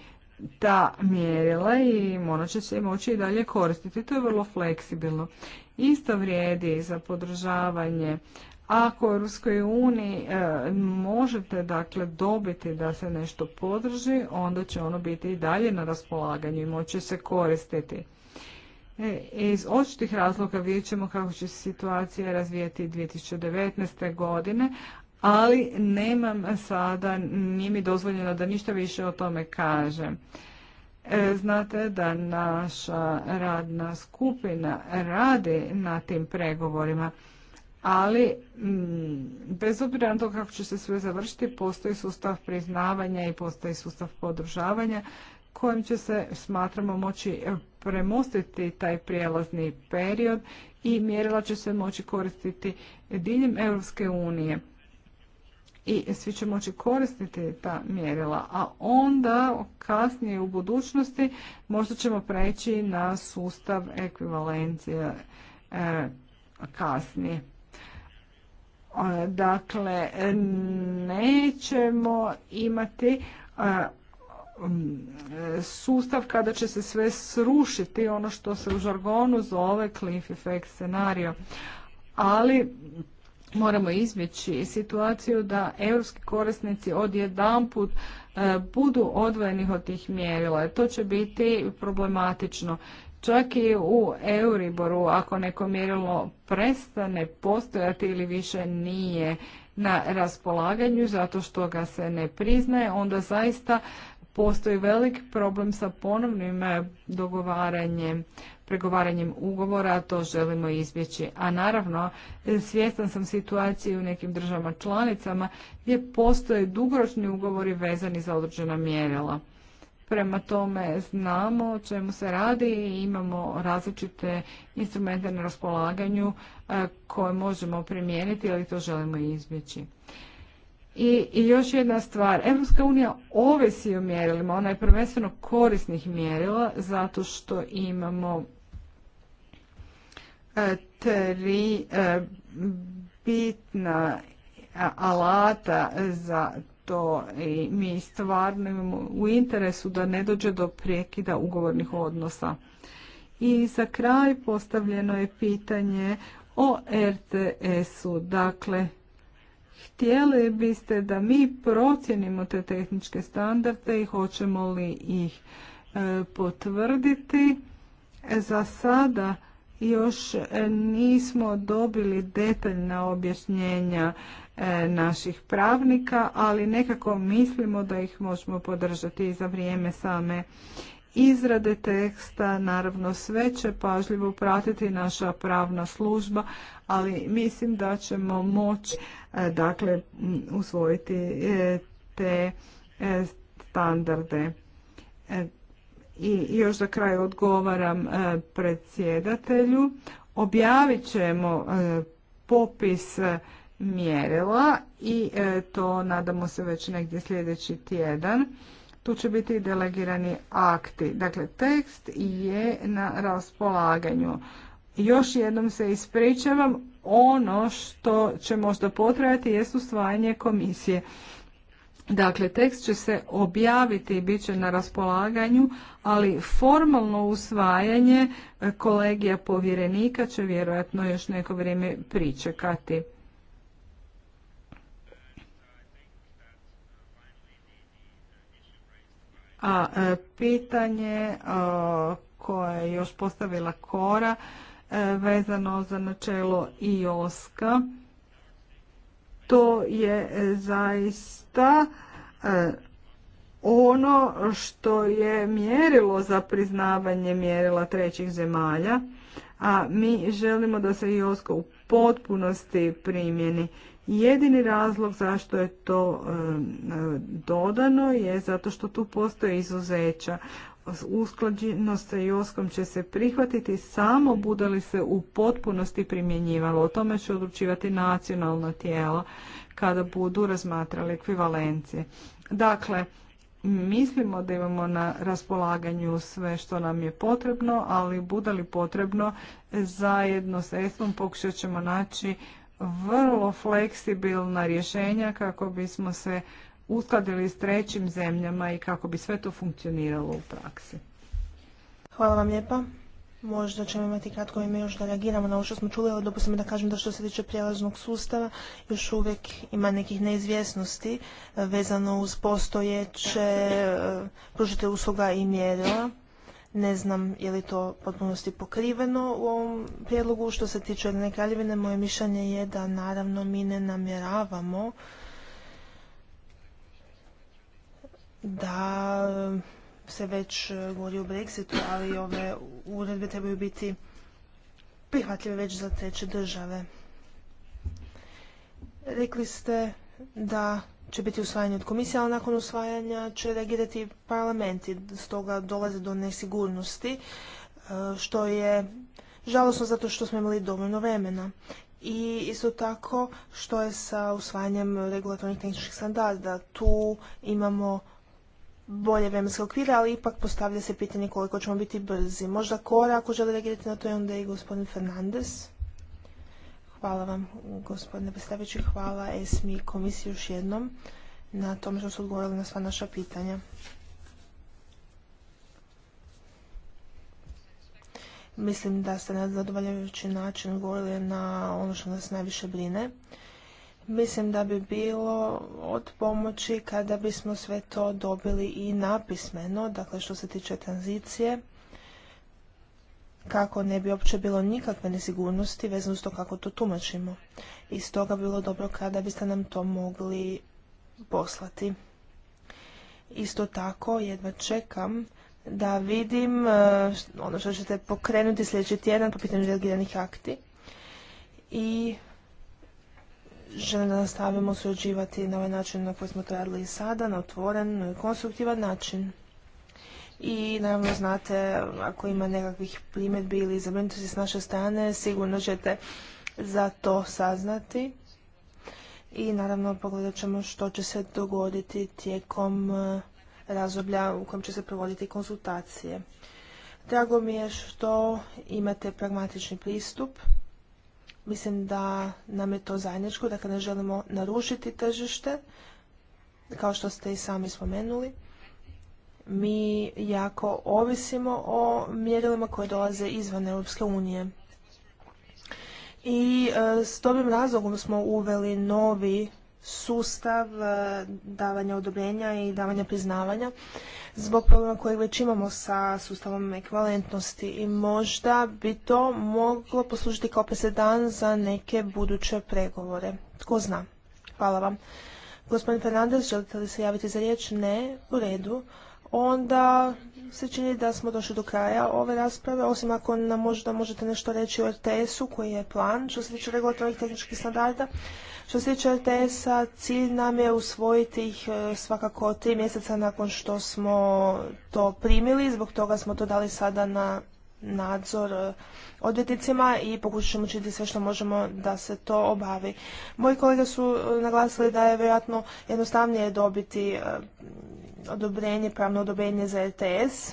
ta mjerila i ona će se moći i dalje koristiti. To je vrlo fleksibilno. Isto vrijedi za podržavanje ako u uniji e, možete dakle dobiti da se nešto podrži, onda će ono biti i dalje na raspolaganju i moće se koristiti. E, iz očitih razloga vidjet ćemo kako će se situacija razvijeti 2019. godine, ali nemam sada, nije mi dozvoljeno da ništa više o tome kažem. E, znate da naša radna skupina radi na tim pregovorima ali mm, bez obzira na to kako će se sve završiti, postoji sustav priznavanja i postoji sustav podržavanja kojim će se, smatramo, moći e, premostiti taj prijelazni period i mjerila će se moći koristiti diljem Europske unije. I svi će moći koristiti ta mjerila, a onda kasnije u budućnosti možda ćemo preći na sustav ekvivalencije e, kasnije. Dakle, nećemo imati sustav kada će se sve srušiti, ono što se u žargonu zove cliff effect scenario. Ali moramo izbjeći situaciju da europski korisnici odjedanput e, budu odvojeni od tih mjerila. To će biti problematično Čak i u Euriboru, ako neko mjerilo prestane postojati ili više nije na raspolaganju zato što ga se ne priznaje, onda zaista postoji velik problem sa ponovnim eh, dogovaranjem, pregovaranjem ugovora, a to želimo izbjeći. A naravno, eh, svjestan sam situaciji u nekim državama članicama gdje postoje dugoročni ugovori vezani za određena mjerila. Prema tome znamo o čemu se radi i imamo različite instrumente na raspolaganju e, koje možemo primijeniti ili to želimo izbjeći. I, I još jedna stvar, Europska unija ovisi o mjerilima, ona je prvenstveno korisnih mjerila zato što imamo e, tri e, bitna alata za to mi stvarno imamo u interesu da ne dođe do prekida ugovornih odnosa. I za kraj postavljeno je pitanje o RTS-u. Dakle, htjeli biste da mi procjenimo te tehničke standarde i hoćemo li ih e, potvrditi. Za sada još nismo dobili detaljna objašnjenja E, naših pravnika, ali nekako mislimo da ih možemo podržati i za vrijeme same izrade teksta. Naravno, sve će pažljivo pratiti naša pravna služba, ali mislim da ćemo moći e, dakle, usvojiti e, te standarde. I još za kraj odgovaram predsjedatelju. Objavit ćemo popis mjerila i e, to nadamo se već negdje sljedeći tjedan. Tu će biti delegirani akti. Dakle, tekst je na raspolaganju. Još jednom se ispričavam, ono što će možda potrajati je usvajanje komisije. Dakle, tekst će se objaviti i bit će na raspolaganju, ali formalno usvajanje e, kolegija povjerenika će vjerojatno još neko vrijeme pričekati. A e, pitanje e, koje je još postavila Kora e, vezano za načelo IOSKA, to je zaista ono što je mjerilo za priznavanje mjerila trećih zemalja, a mi želimo da se IOSKA u potpunosti primjeni Jedini razlog zašto je to e, dodano je zato što tu postoje izuzeća. Usklađenost sa Joskom će se prihvatiti samo bude li se u potpunosti primjenjivalo. O tome će odlučivati nacionalno tijelo kada budu razmatrali ekvivalencije. Dakle, mislimo da imamo na raspolaganju sve što nam je potrebno, ali bude li potrebno zajedno s ESMom pokušat ćemo naći vrlo fleksibilna rješenja kako bismo se uskladili s trećim zemljama i kako bi sve to funkcioniralo u praksi. Hvala vam lijepa. Možda ćemo imati kratko ime još da reagiramo na ovo što smo čuli, ali dopustim da kažem da što se tiče prijelaznog sustava još uvijek ima nekih neizvjesnosti vezano uz postojeće e, pružite usluga i mjerila ne znam je li to potpunosti pokriveno u ovom prijedlogu. Što se tiče Ujedine kraljevine, moje mišljenje je da naravno mi ne namjeravamo da se već govori o Brexitu, ali ove uredbe trebaju biti prihvatljive već za treće države. Rekli ste da će biti usvajanje od komisije, ali nakon usvajanja će reagirati parlamenti. Stoga dolazi do nesigurnosti, e, što je žalosno zato što smo imali dovoljno vremena. I isto tako što je sa usvajanjem regulatornih tehničkih standarda. Tu imamo bolje vremenske okvire, ali ipak postavlja se pitanje koliko ćemo biti brzi. Možda Kora, ako želi reagirati na to, je onda i gospodin Fernandez. Hvala vam, gospodine predstavljajući. Hvala ESMI komisiji još jednom na tome što su odgovorili na sva naša pitanja. Mislim da ste na zadovoljavajući način odgovorili na ono što nas najviše brine. Mislim da bi bilo od pomoći kada bismo sve to dobili i napismeno, dakle što se tiče tranzicije kako ne bi uopće bilo nikakve nesigurnosti vezano s to kako to tumačimo. I stoga bilo dobro kada biste nam to mogli poslati. Isto tako, jedva čekam da vidim e, ono što ćete pokrenuti sljedeći tjedan po pitanju delegiranih akti i želim da nastavimo surađivati na ovaj način na koji smo to radili i sada, na otvoren, konstruktivan način i naravno znate ako ima nekakvih primjedbi ili zabrinutosti s naše strane sigurno ćete za to saznati i naravno pogledat ćemo što će se dogoditi tijekom eh, razdoblja u kojem će se provoditi konsultacije. Drago mi je što imate pragmatični pristup. Mislim da nam je to zajedničko, dakle ne želimo narušiti tržište, kao što ste i sami spomenuli mi jako ovisimo o mjerilima koje dolaze izvan Europske unije. I e, s tobim razlogom smo uveli novi sustav e, davanja odobrenja i davanja priznavanja zbog problema kojeg već imamo sa sustavom ekvalentnosti i možda bi to moglo poslužiti kao presedan za neke buduće pregovore. Tko zna? Hvala vam. Gospodin Fernandez, želite li se javiti za riječ? Ne. U redu onda se čini da smo došli do kraja ove rasprave, osim ako nam možda možete nešto reći o RTS-u, koji je plan što se tiče regulatornih tehničkih standarda. Što se tiče RTS-a, cilj nam je usvojiti ih e, svakako tri mjeseca nakon što smo to primili, zbog toga smo to dali sada na nadzor e, odvjetnicima i pokušat ćemo učiti sve što možemo da se to obavi. Moji kolege su e, naglasili da je vjerojatno jednostavnije dobiti e, odobrenje, pravno odobrenje za ETS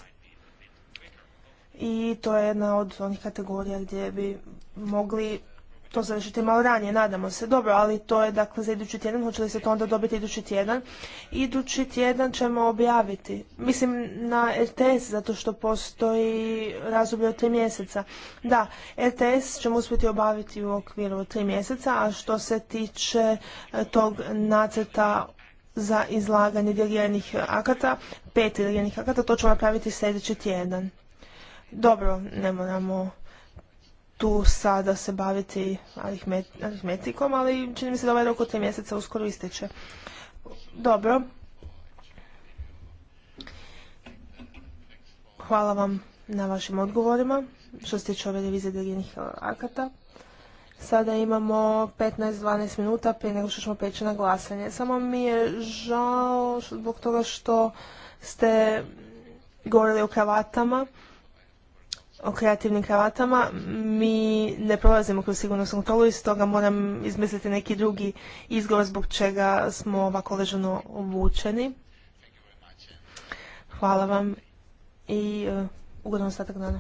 i to je jedna od onih kategorija gdje bi mogli to završiti malo ranije, nadamo se. Dobro, ali to je dakle za idući tjedan, hoće li se to onda dobiti idući tjedan? Idući tjedan ćemo objaviti, mislim na RTS, zato što postoji razdoblje od tri mjeseca. Da, RTS ćemo uspjeti obaviti u okviru tri mjeseca, a što se tiče e, tog nacrta za izlaganje dijeljenih akata, pet delegiranih akata, to ćemo napraviti sljedeći tjedan. Dobro, ne moramo tu sada se baviti aritmetikom, ali čini mi se da ovaj rok od tri mjeseca uskoro ističe. Dobro. Hvala vam na vašim odgovorima što se tiče ove revize delijenih akata. Sada imamo 15-12 minuta prije nego što ćemo peći na glasanje. Samo mi je žao zbog toga što ste govorili o kravatama o kreativnim kravatama, mi ne prolazimo kroz sigurnosnu kontrolu i stoga moram izmisliti neki drugi izgovor zbog čega smo ovako ležano obučeni. Hvala vam i e, ugodan ostatak dana.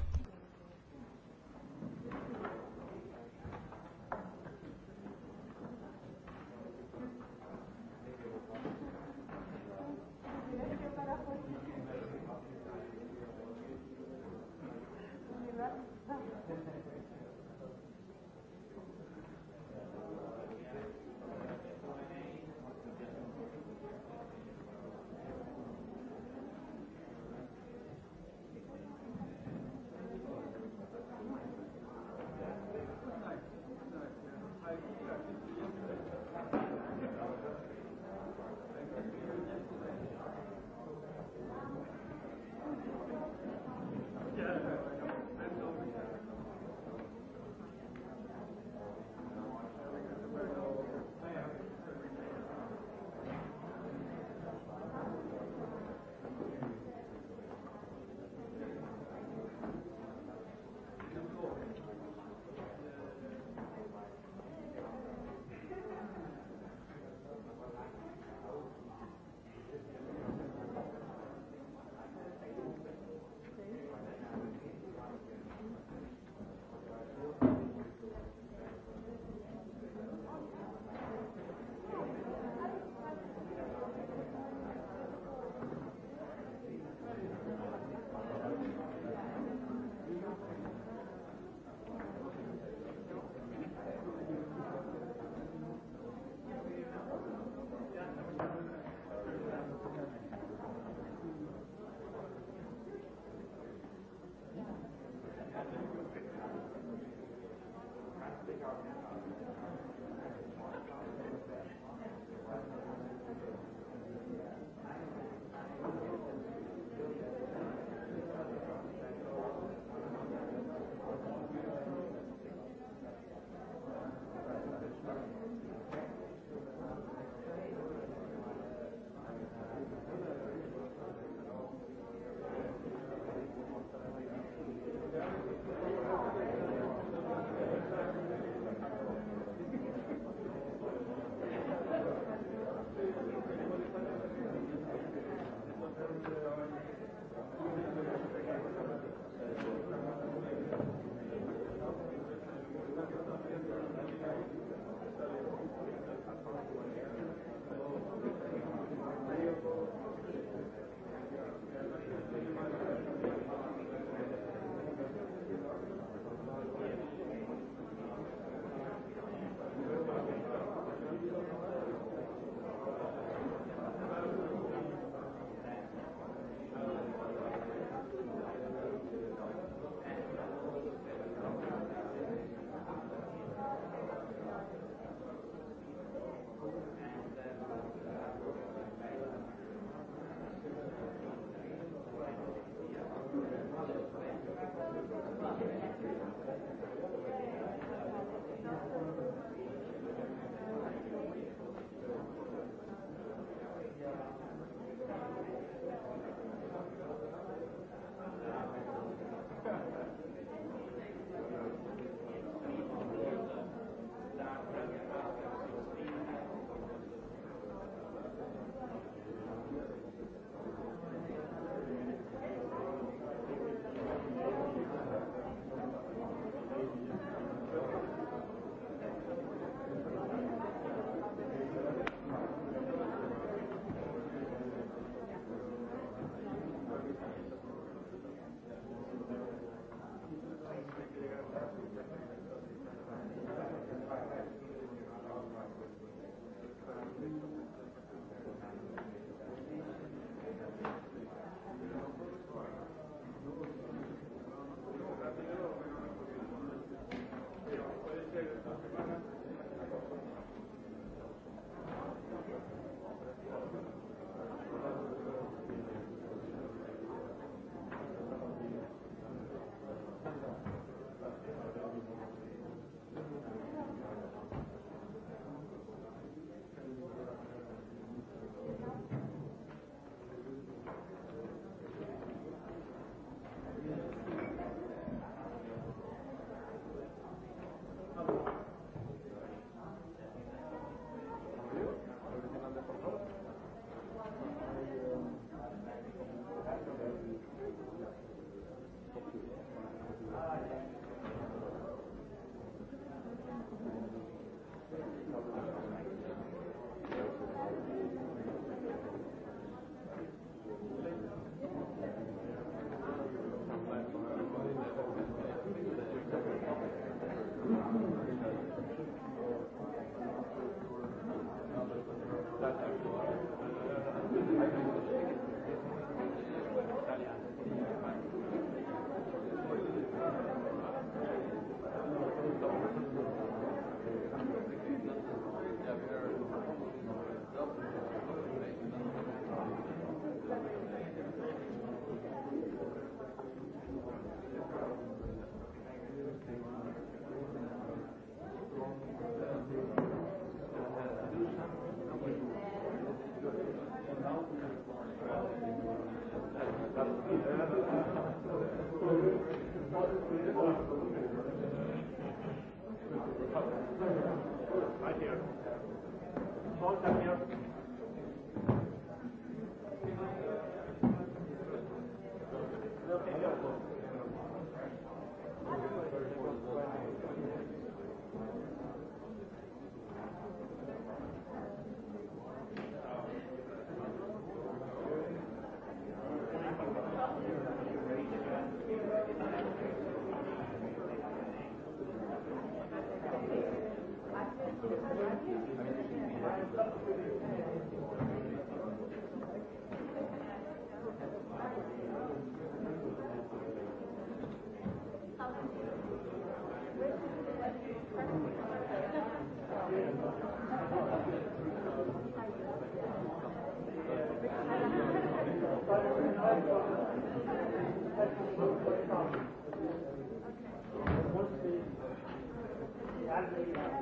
Hvala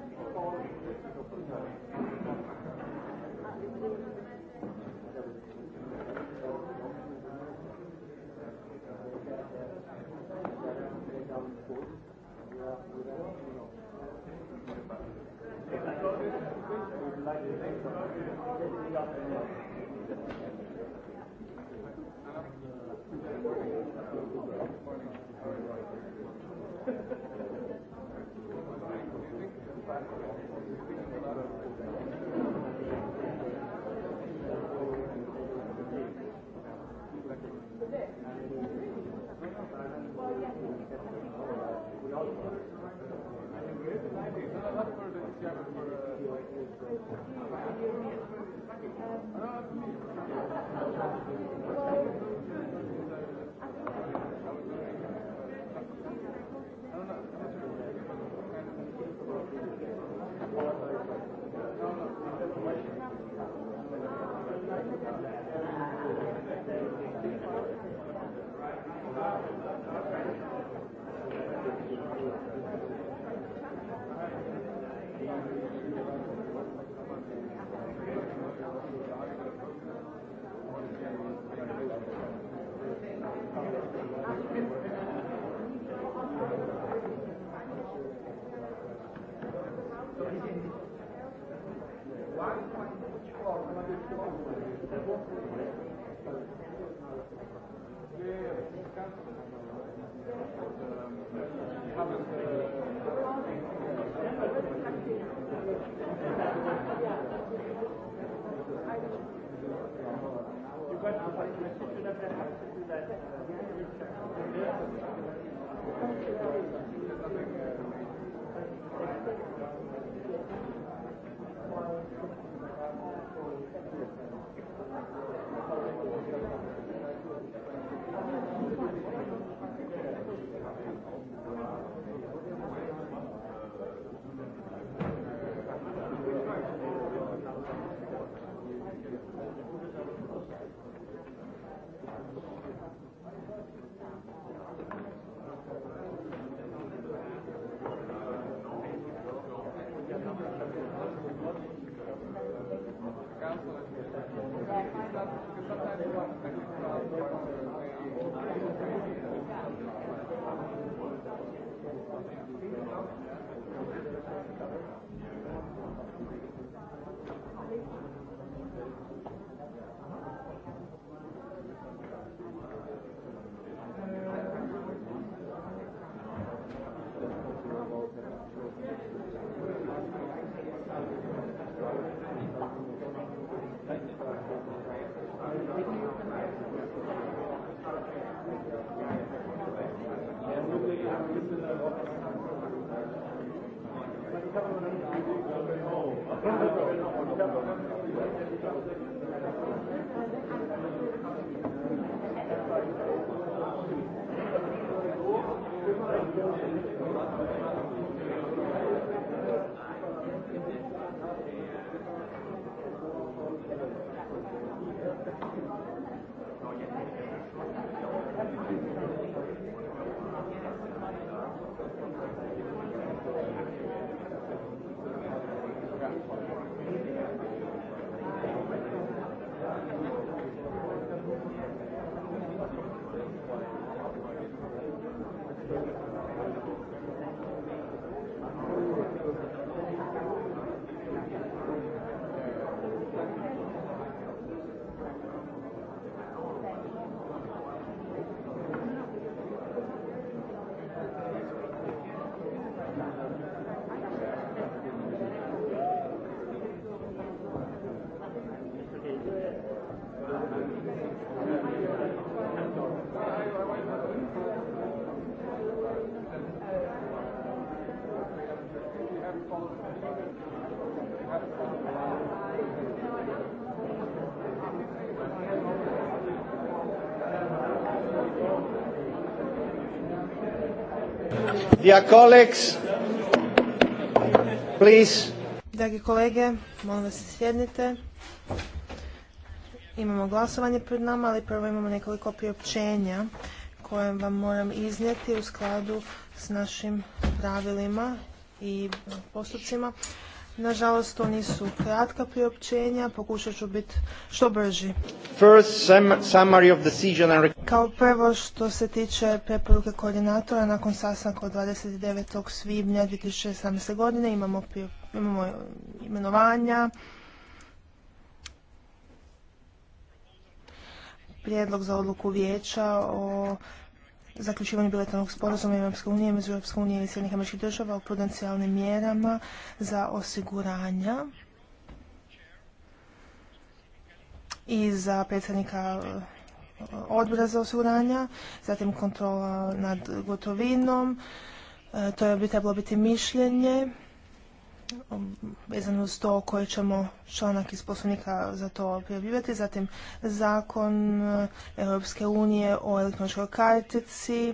Hvala Hvala Dear colleagues, Dragi kolege, molim vas sjednite. Imamo glasovanje pred nama, ali prvo imamo nekoliko priopćenja koje vam moram iznijeti u skladu s našim pravilima i postupcima. Nažalost, to nisu kratka priopćenja, pokušat ću biti što brži. Kao prvo što se tiče preporuke koordinatora nakon sastanka od 29. svibnja 2017. godine imamo, imamo imenovanja, prijedlog za odluku vijeća o zaključivanju bilateralnog sporazuma Europske unije među Europske unije i Sjednih američkih država o prudencijalnim mjerama za osiguranja i za predsjednika eh, odbora za osiguranja, zatim kontrola nad gotovinom, eh, to je bi trebalo biti mišljenje Um, vezano uz to koji ćemo članak iz poslovnika za to prijavljivati. Zatim zakon uh, Europske unije o elektroničkoj kartici,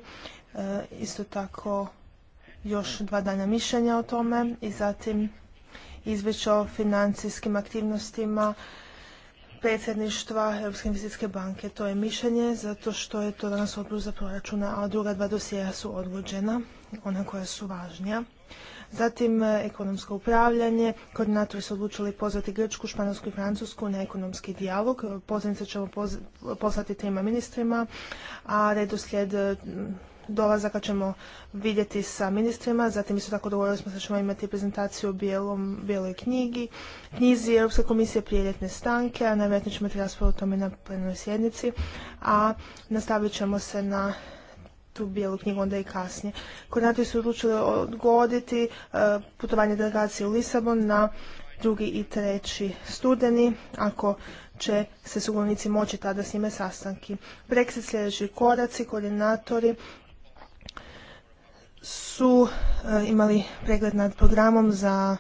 uh, isto tako još dva dana mišljenja o tome i zatim izvješće o financijskim aktivnostima predsjedništva Europske investicijske banke. To je mišljenje zato što je to danas odbor za proračuna, a druga dva dosjeja su odvođena, ona koja su važnija. Zatim e, ekonomsko upravljanje, koordinatori su odlučili pozvati Grčku, Španjolsku i Francusku na ekonomski dijalog. Pozivnice ćemo poslati trima ministrima, a redoslijed e, dolazaka ćemo vidjeti sa ministrima, zatim isto tako dogovorili smo da ćemo imati prezentaciju o bijeloj knjigi, knjizi Europske komisije prije stanke, a najvjerojatnije ćemo imati raspravu o tome na plenoj sjednici, a nastavit ćemo se na tu bijelu knjigu onda i kasnije. Koordinatori su odlučili odgoditi e, putovanje delegacije u Lisabon na drugi i treći studeni, ako će se sugovornici moći tada s njime sastanki. Brexit sljedeći koraci, koordinatori su e, imali pregled nad programom za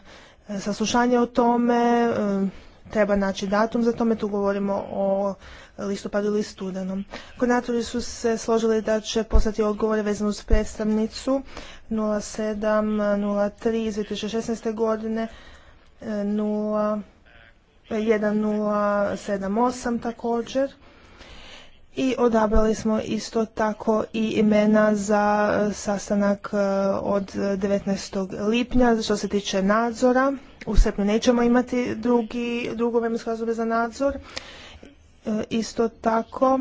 e, saslušanje o tome, treba naći datum, za tome tu govorimo o listopadu ili studenom. Koordinatori su se složili da će poslati odgovore vezano uz predstavnicu 0703 iz 2016. godine 0, 1078 također. I odabrali smo isto tako i imena za e, sastanak e, od 19. lipnja što se tiče nadzora u srpnju nećemo imati drugi, drugo vremensko razdoblje za nadzor. E, isto tako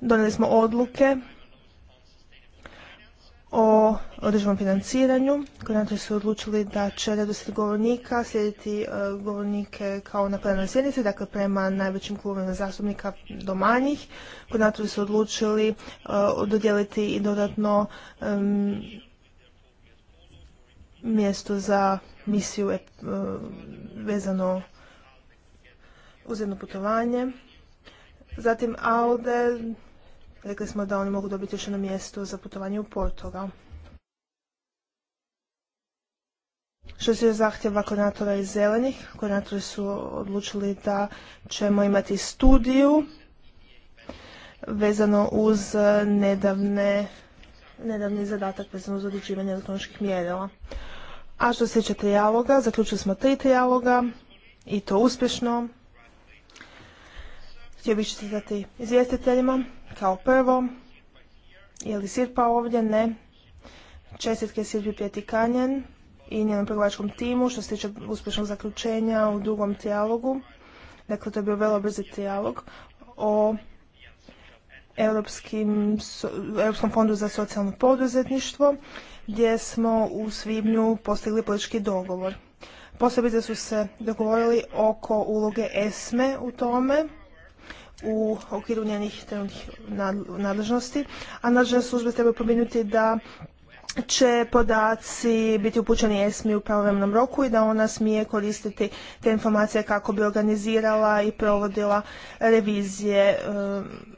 donijeli smo odluke o održivom financiranju. Koordinatori su odlučili da će redoslijed govornika slijediti e, govornike kao na plenarnoj sjednici, dakle prema najvećim klubovima zastupnika do manjih. Koordinatori su odlučili e, dodijeliti i dodatno mjesto za misiju e, vezano uz jedno putovanje. Zatim Alde, rekli smo da oni mogu dobiti još jedno mjesto za putovanje u Portugal. Što se zahtjeva koordinatora iz zelenih, koordinatori su odlučili da ćemo imati studiju vezano uz nedavni zadatak vezano uz određivanje elektroničkih mjerila. A što se tiče trijaloga, zaključili smo tri trijaloga i to uspješno. Htio bih čestitati izvjestiteljima kao prvo. Je li Sirpa ovdje? Ne. Čestitke Sirpi Pjeti Kanjen i njenom pregovačkom timu što se tiče uspješnog zaključenja u drugom trijalogu. Dakle, to je bio vrlo brzi trijalog o Europskim, Europskom fondu za socijalno poduzetništvo gdje smo u svibnju postigli politički dogovor. Posebice su se dogovorili oko uloge ESME u tome, u okviru njenih trenutnih nadležnosti, a nadležne službe trebaju pominuti da će podaci biti upućeni ESMI u pravovremenom roku i da ona smije koristiti te informacije kako bi organizirala i provodila revizije e,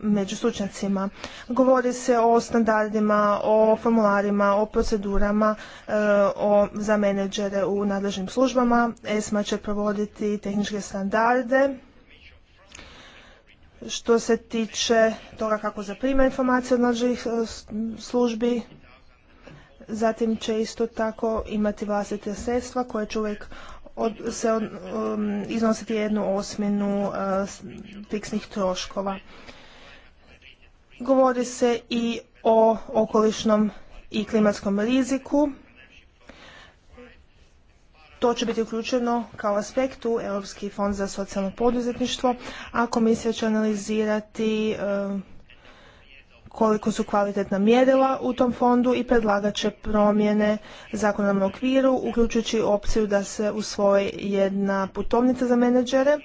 među stručnjacima. Govori se o standardima, o formularima, o procedurama e, o, za menedžere u nadležnim službama. ESMA će provoditi tehničke standarde što se tiče toga kako zaprima informacije od nadležnih e, službi zatim će isto tako imati vlastite sredstva koje će uvijek se um, iznositi jednu osminu uh, fiksnih troškova. Govori se i o okolišnom i klimatskom riziku. To će biti uključeno kao aspekt u Europski fond za socijalno poduzetništvo, a komisija će analizirati um, koliko su kvalitetna mjerila u tom fondu i predlagat će promjene zakonom okviru, uključujući opciju da se usvoji jedna putovnica za menadžere.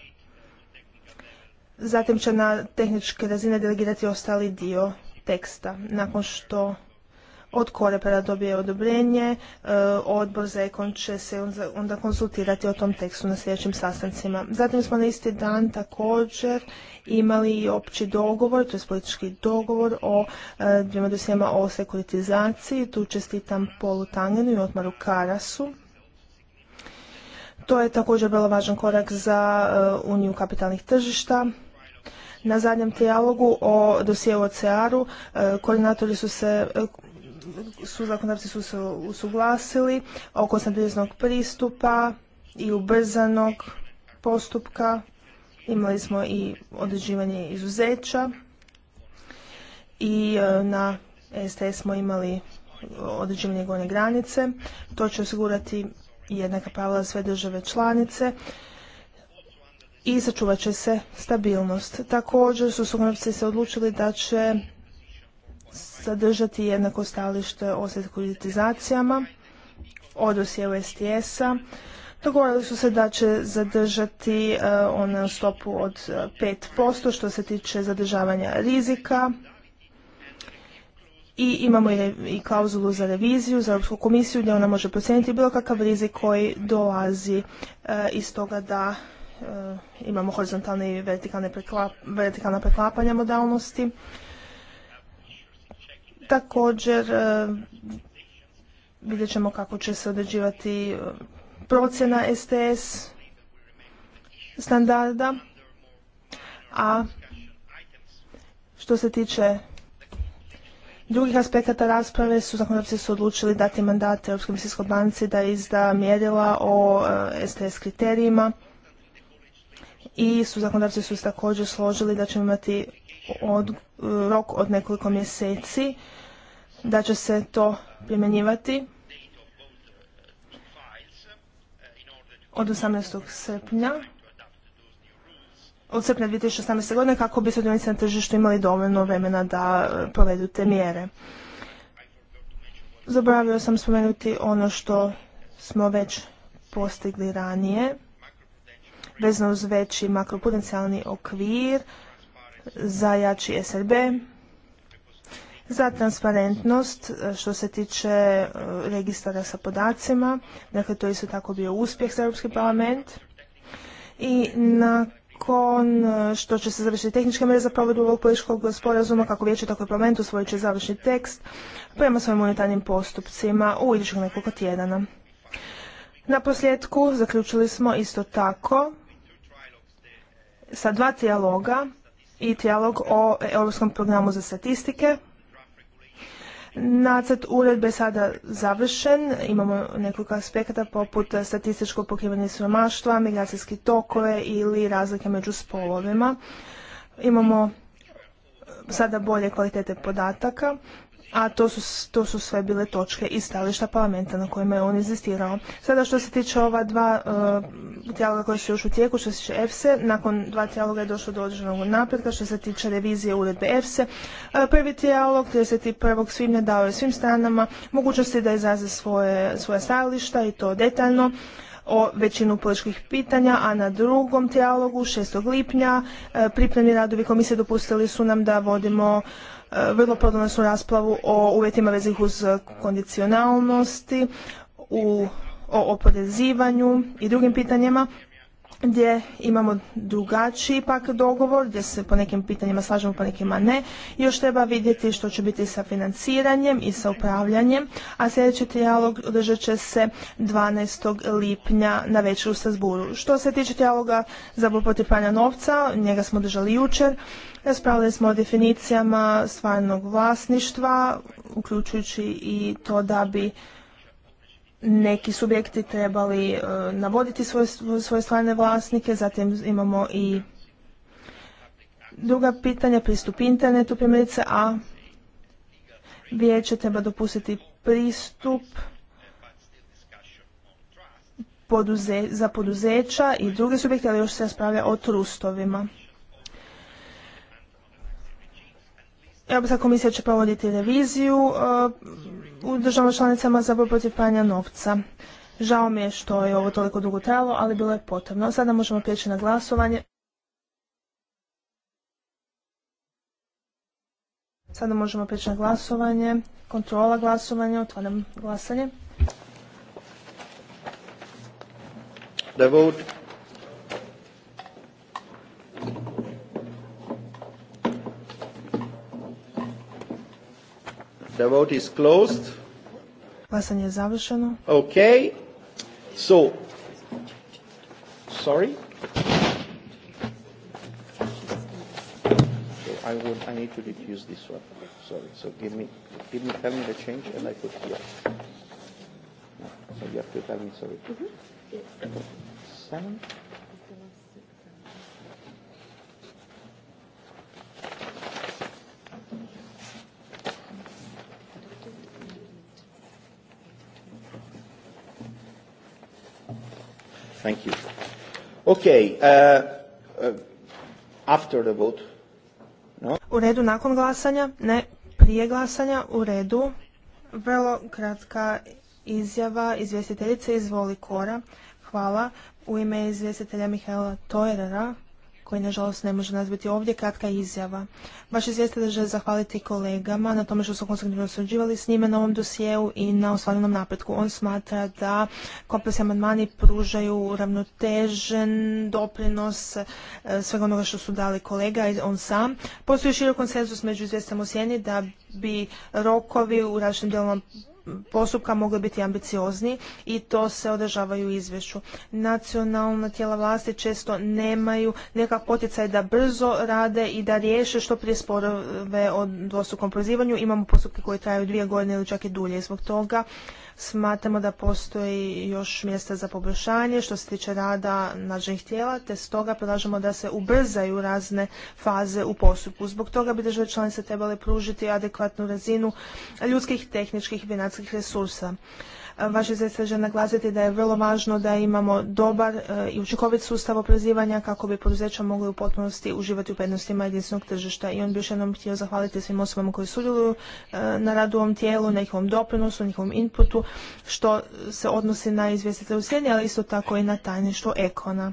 Zatim će na tehničke razine delegirati ostali dio teksta, nakon što od Korepera dobije odobrenje, e, odbor za ekon će se onda konsultirati o tom tekstu na sljedećim sastancima. Zatim smo na isti dan također imali i opći dogovor, to je politički dogovor o e, dvijema dosijema o sekuritizaciji. Tu čestitam Polu Tangenu i Otmaru Karasu. To je također bilo važan korak za e, Uniju kapitalnih tržišta. Na zadnjem trijalogu o dosjeu OCR-u koordinatori su se su zakonodavci su se usuglasili oko 80. pristupa i ubrzanog postupka. Imali smo i određivanje izuzeća i e, na STS smo imali određivanje gornje granice. To će osigurati jednaka pravila sve države članice i sačuvat će se stabilnost. Također su se odlučili da će zadržati jednako stalište o sekuritizacijama od u STS-a. Dogovorili su se da će zadržati e, onu stopu od 5% e, što se tiče zadržavanja rizika i imamo i, klauzulu za reviziju, za Europsku komisiju gdje ona može procijeniti bilo kakav rizik koji dolazi e, iz toga da imamo horizontalne i vertikalne vertikalna preklapanja modalnosti. Također e, vidjet ćemo kako će se određivati e, procjena STS standarda, a što se tiče drugih aspekata rasprave su zakonodavci su odlučili dati mandat Europskoj misijskoj banci da izda mjerila o STS e, kriterijima i su zakonodavci su također složili da ćemo imati rok od nekoliko mjeseci da će se to primjenjivati od 18. srpnja od srpnja 2018. godine kako bi sudionici na tržištu imali dovoljno vremena da e, provedu te mjere. Zaboravio sam spomenuti ono što smo već postigli ranije vezano uz veći makropotencijalni okvir za jači SRB za transparentnost e, što se tiče e, registara sa podacima. Dakle, to je isto tako bio uspjeh za Europski parlament. I nakon e, što će se završiti tehnička mreza za provedbu ovog političkog sporazuma, kako vijeće, tako i parlament usvojit će završni tekst prema svojim monetarnim postupcima u idućeg nekoliko tjedana. Na posljedku zaključili smo isto tako sa dva trijaloga i tijalog o Europskom programu za statistike Nacrt uredbe je sada završen, imamo nekoliko aspekta poput statističkog pokrivanja siromaštva, migracijski tokove ili razlike među spolovima. Imamo sada bolje kvalitete podataka a to su, to su sve bile točke i stališta parlamenta na kojima je on inzistirao. Sada što se tiče ova dva uh, tijaloga koja su još u tijeku, što se tiče EFSE, nakon dva tijaloga je došlo do određenog napretka što se tiče revizije uredbe EFSE. E, prvi tijalog 31. svibnja dao je svim stranama mogućnosti da izraze svoje, svoje stajališta i to detaljno o većinu političkih pitanja, a na drugom tijalogu 6. lipnja e, pripremni radovi komisije dopustili su nam da vodimo E, vrlo su raspravu o uvjetima vezih uz kondicionalnosti, u, o oporezivanju i drugim pitanjima gdje imamo drugačiji pak dogovor, gdje se po nekim pitanjima slažemo, po nekima ne. Još treba vidjeti što će biti sa financiranjem i sa upravljanjem, a sljedeći trijalog održat će se 12. lipnja na večer u Strasburu. Što se tiče trijaloga za borbu pranja novca, njega smo držali jučer, Raspravljali smo o definicijama stvarnog vlasništva, uključujući i to da bi neki subjekti trebali e, navoditi svoje, svoje stvarne vlasnike, zatim imamo i druga pitanja, pristup internetu primjerice, a vijeće treba dopustiti pristup za poduzeća i druge subjekte, ali još se raspravlja o trustovima. Europska komisija će provoditi reviziju e, u državama članicama za borbu protiv pranja novca. Žao mi je što je ovo toliko dugo trajalo, ali bilo je potrebno. Sada možemo prijeći na glasovanje. Sada možemo prijeći na glasovanje. Kontrola glasovanja. Otvaram glasanje. The The vote is closed. Glasanje je završeno. Okay. So, sorry. So I would, I need to reduce this one. Sorry. So give me, give me, tell me the change and I put here. so you have to tell me, sorry. Mm -hmm. Seven. Okay, uh, uh, after the vote. No. U redu nakon glasanja? Ne, prije glasanja. U redu. Vrlo kratka izjava izvjestiteljice izvoli Kora. Hvala. U ime izvjestitelja Mihaela Tojera koji nažalost ne može nas ovdje, kratka izjava. Vaš da želi zahvaliti kolegama na tome što su konstruktivno surađivali s njime na ovom dosjeu i na ostvarenom napretku. On smatra da kompleks amandmani pružaju ravnotežen doprinos e, svega onoga što su dali kolega i on sam. Postoji širok konsenzus među izvijestama u sjeni da bi rokovi u različitim dijelovima postupka mogu biti ambiciozni i to se održavaju u izvješću. Nacionalna tijela vlasti često nemaju nekakav poticaj da brzo rade i da riješe što prije sporove o dvostrukom prozivanju. Imamo postupke koje traju dvije godine ili čak i dulje. Zbog toga Smatramo da postoji još mjesta za poboljšanje što se tiče rada nadležnih tijela, te stoga predlažemo da se ubrzaju razne faze u postupku. Zbog toga bi države članice trebale pružiti adekvatnu razinu ljudskih, tehničkih i financijskih resursa. Vaše je želi naglasiti da je vrlo važno da imamo dobar e, i učinkovit sustav oprezivanja kako bi poduzeća mogli u potpunosti uživati u prednostima jedinstvenog tržišta. I on bi još jednom htio zahvaliti svim osobama koji sudjeluju e, na radu ovom tijelu, na njihovom doprinosu, njihovom inputu, što se odnosi na izvjestitelj u ali isto tako i na tajništvo Ekona.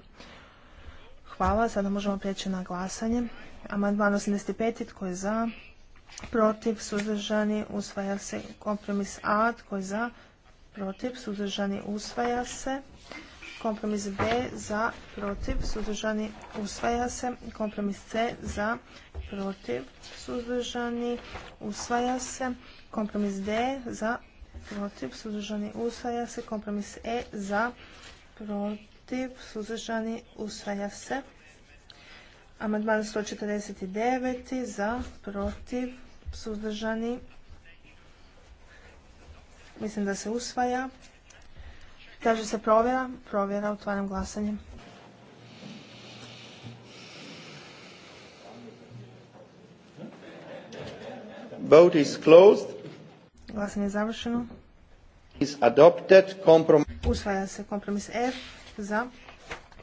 Hvala, sada možemo prijeći na glasanje. Amandman 85. Tko je za? Protiv? Suzdržani? Usvaja se kompromis A. Tko je za? protiv, suzdržani, usvaja se. Kompromis B za, protiv, suzdržani, usvaja se. Kompromis C za, protiv, suzdržani, usvaja se. Kompromis D za, protiv, suzdržani, usvaja se. Kompromis E za, protiv, suzdržani, usvaja se. Amandman 149. za, protiv, suzdržani, Mislim da se usvaja. Kaže se provjera. Provjera, otvaram glasanje. Vote is Glasanje je završeno. Is Usvaja se kompromis F za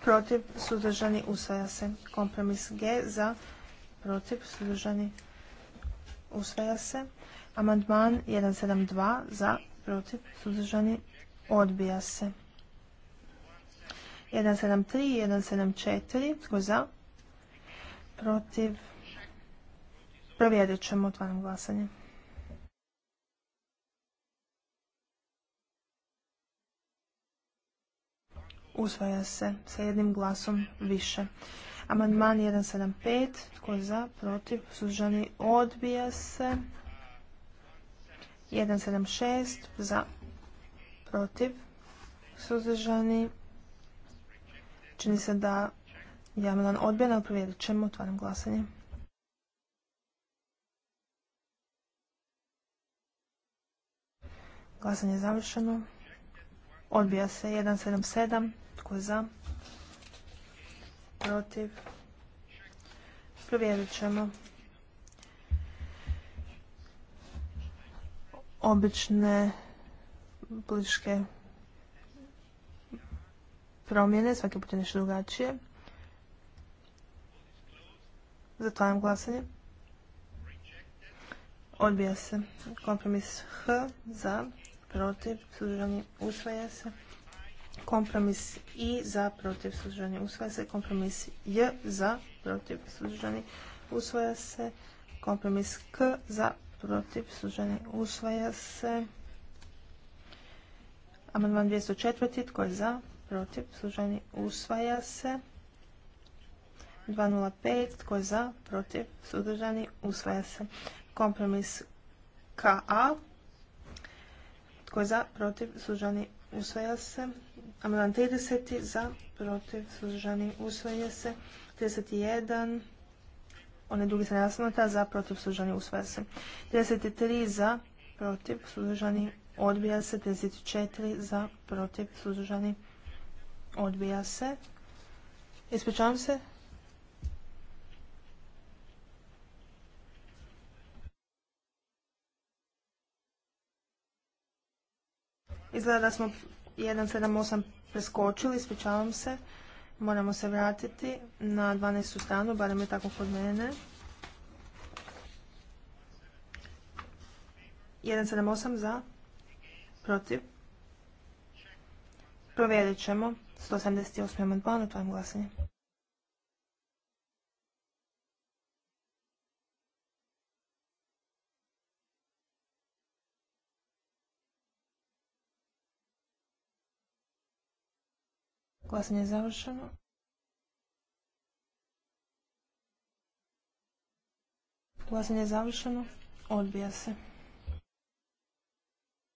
protiv sudržani. usvaja se. Kompromis G za protiv sudržani. usvaja se. Amandman 172 za protiv, suzdržani, odbija se. 173 174, tko za, protiv, provjerit ćemo, otvaram glasanje. Usvaja se sa jednim glasom više. Amandman 175, tko za, protiv, suzdržani, odbija se. 176 za protiv suzdržani. Čini se da Jamilan ali provjerit ćemo, otvaram glasanje. Glasanje je završeno. Odbija se 177. Tko je za? Protiv? Provjerit ćemo. obične političke promjene, svaki put je nešto drugačije. Zatvaram glasanje. Odbija se kompromis H za, protiv, suzdržani, usvaja se. Kompromis I za, protiv, suzdržani, usvaja se. Kompromis J za, protiv, suzdržani, usvaja se. Kompromis K za, protiv, suženi usvaja se. Amandman 204. Tko je za? Protiv, suženi usvaja se. 205. Tko je za? Protiv, suzdržani, usvaja se. Kompromis KA. Tko je za? Protiv, suzdržani, usvaja se. Amandman 30. Za? Protiv, suzdržani, usvaja se. 31 one drugi strane za protiv suzdržani usvaja se. 33 za protiv suzdržani odbija se. 34 za protiv suzdržani odbija se. Ispričavam se. Izgleda da smo 1, 7, 8 preskočili, ispričavam se. Moramo se vratiti na 12. stranu, barem je tako kod mene. 178 za, protiv. Provjerit ćemo. 178. amandman, otvaram glasanje. Glasanje je završeno. Glasanje je završeno. Odbija se.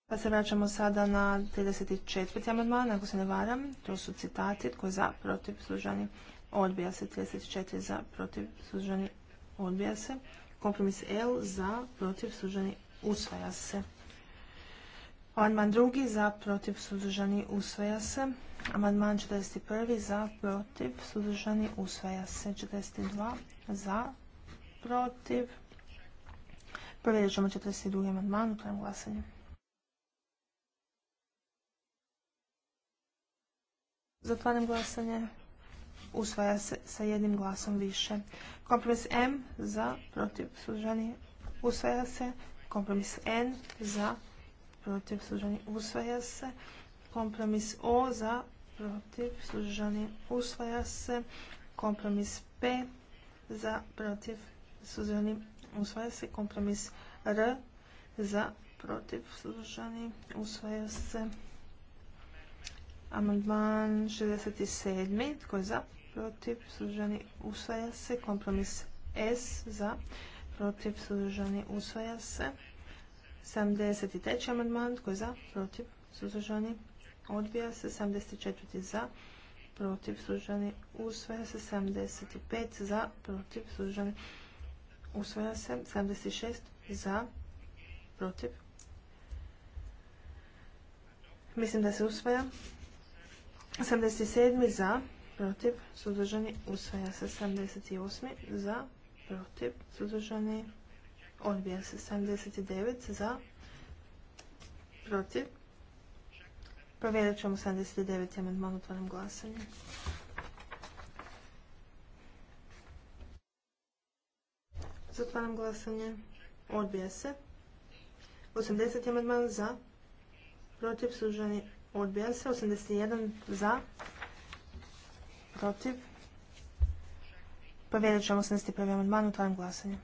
Pa se vraćamo sada na 34. amandman, ako se ne varam. To su citati, tko za, protiv, služani, odbija se. 34 za, protiv, služani, odbija se. Kompromis L za, protiv, služani, usvaja se. Amandman drugi za, protiv, služani, usvaja se. Amandman 41. za, protiv, suzdržani, usvaja se. 42. za, protiv. Provjerit ćemo 42. amandman, otvaram glasanje. Zatvaram glasanje. Usvaja se sa jednim glasom više. Kompromis M za, protiv, suzdržani, usvaja se. Kompromis N za, protiv, suzdržani, usvaja se. Kompromis O za, protiv, suzdržani, usvaja se. Kompromis P za, protiv, suzdržani, usvaja se. Kompromis R za, protiv, suzdržani, usvaja se. Amandman 67. Tko je za? Protiv, suzdržani, usvaja se. Kompromis S za, protiv, suzdržani, usvaja se. 73. amandman. Tko je za? Protiv, suzdržani, odbija se 74 za, protiv suzdržani usvaja se 75 za, protiv suzdržani usvaja se 76 za, protiv. Mislim da se usvaja. 77 za, protiv suzdržani usvaja se 78 za, protiv suzdržani odbija se 79 za, protiv Provjerit ćemo 79. amandman, Otvorim glasanje. Zatvaram glasanje. Odbija se. 80. amandman za. Protiv suženi odbija se. 81 za. Protiv. Provjerit ćemo 81. amandman, otvaram glasanje.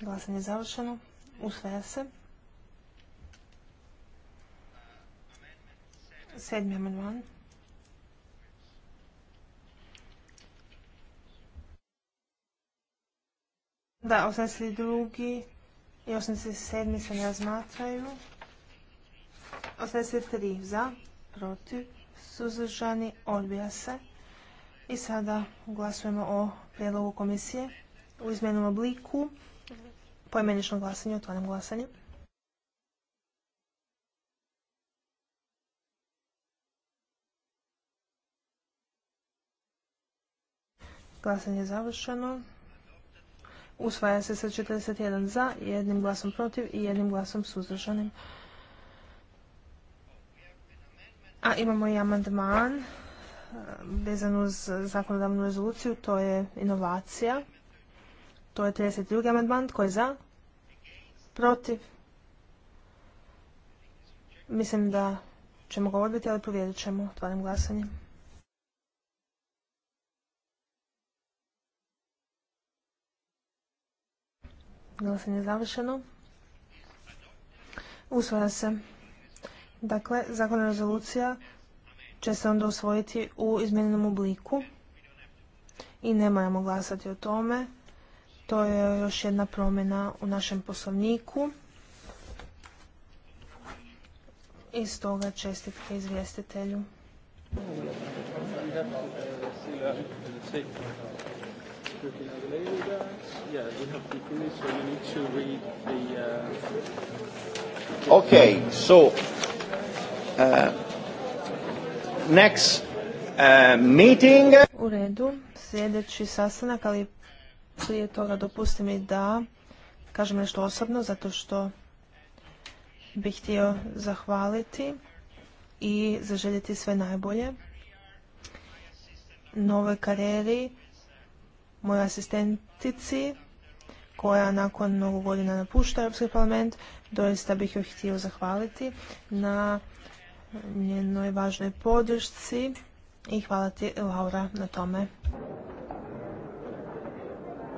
Glasanje je završeno. Usvaja se. Sedmi amandman. Da, 82. i 87. se ne razmatraju. 83 za, protiv, suzdržani, odbija se. I sada glasujemo o prijedlogu komisije u izmjenom obliku. Pojmenično glasanje, otvaram glasanje. Glasanje je završeno. Usvaja se sa 41 za, jednim glasom protiv i jednim glasom suzdržanim. A imamo i amandman eh, vezan uz zakonodavnu rezoluciju, to je inovacija. To je 32. amandman. Tko je za? Protiv? Mislim da ćemo ga odbiti, ali provjerit ćemo. Otvaram glasanje. Glasanje je završeno. Usvaja se. Dakle, zakon rezolucija će se onda usvojiti u izmijenjenom obliku i ne moramo glasati o tome. To je još jedna promjena u našem poslovniku. I stoga čestitke izvjestitelju. Okay, so uh, next uh, meeting. U redu, sljedeći sastanak, ali prije toga dopusti mi da kažem nešto osobno, zato što bih htio zahvaliti i zaželjeti sve najbolje novoj karijeri, mojoj asistentici koja nakon mnogo godina napušta Europski parlament, doista bih joj htio zahvaliti na njenoj važnoj podršci i hvala ti Laura na tome.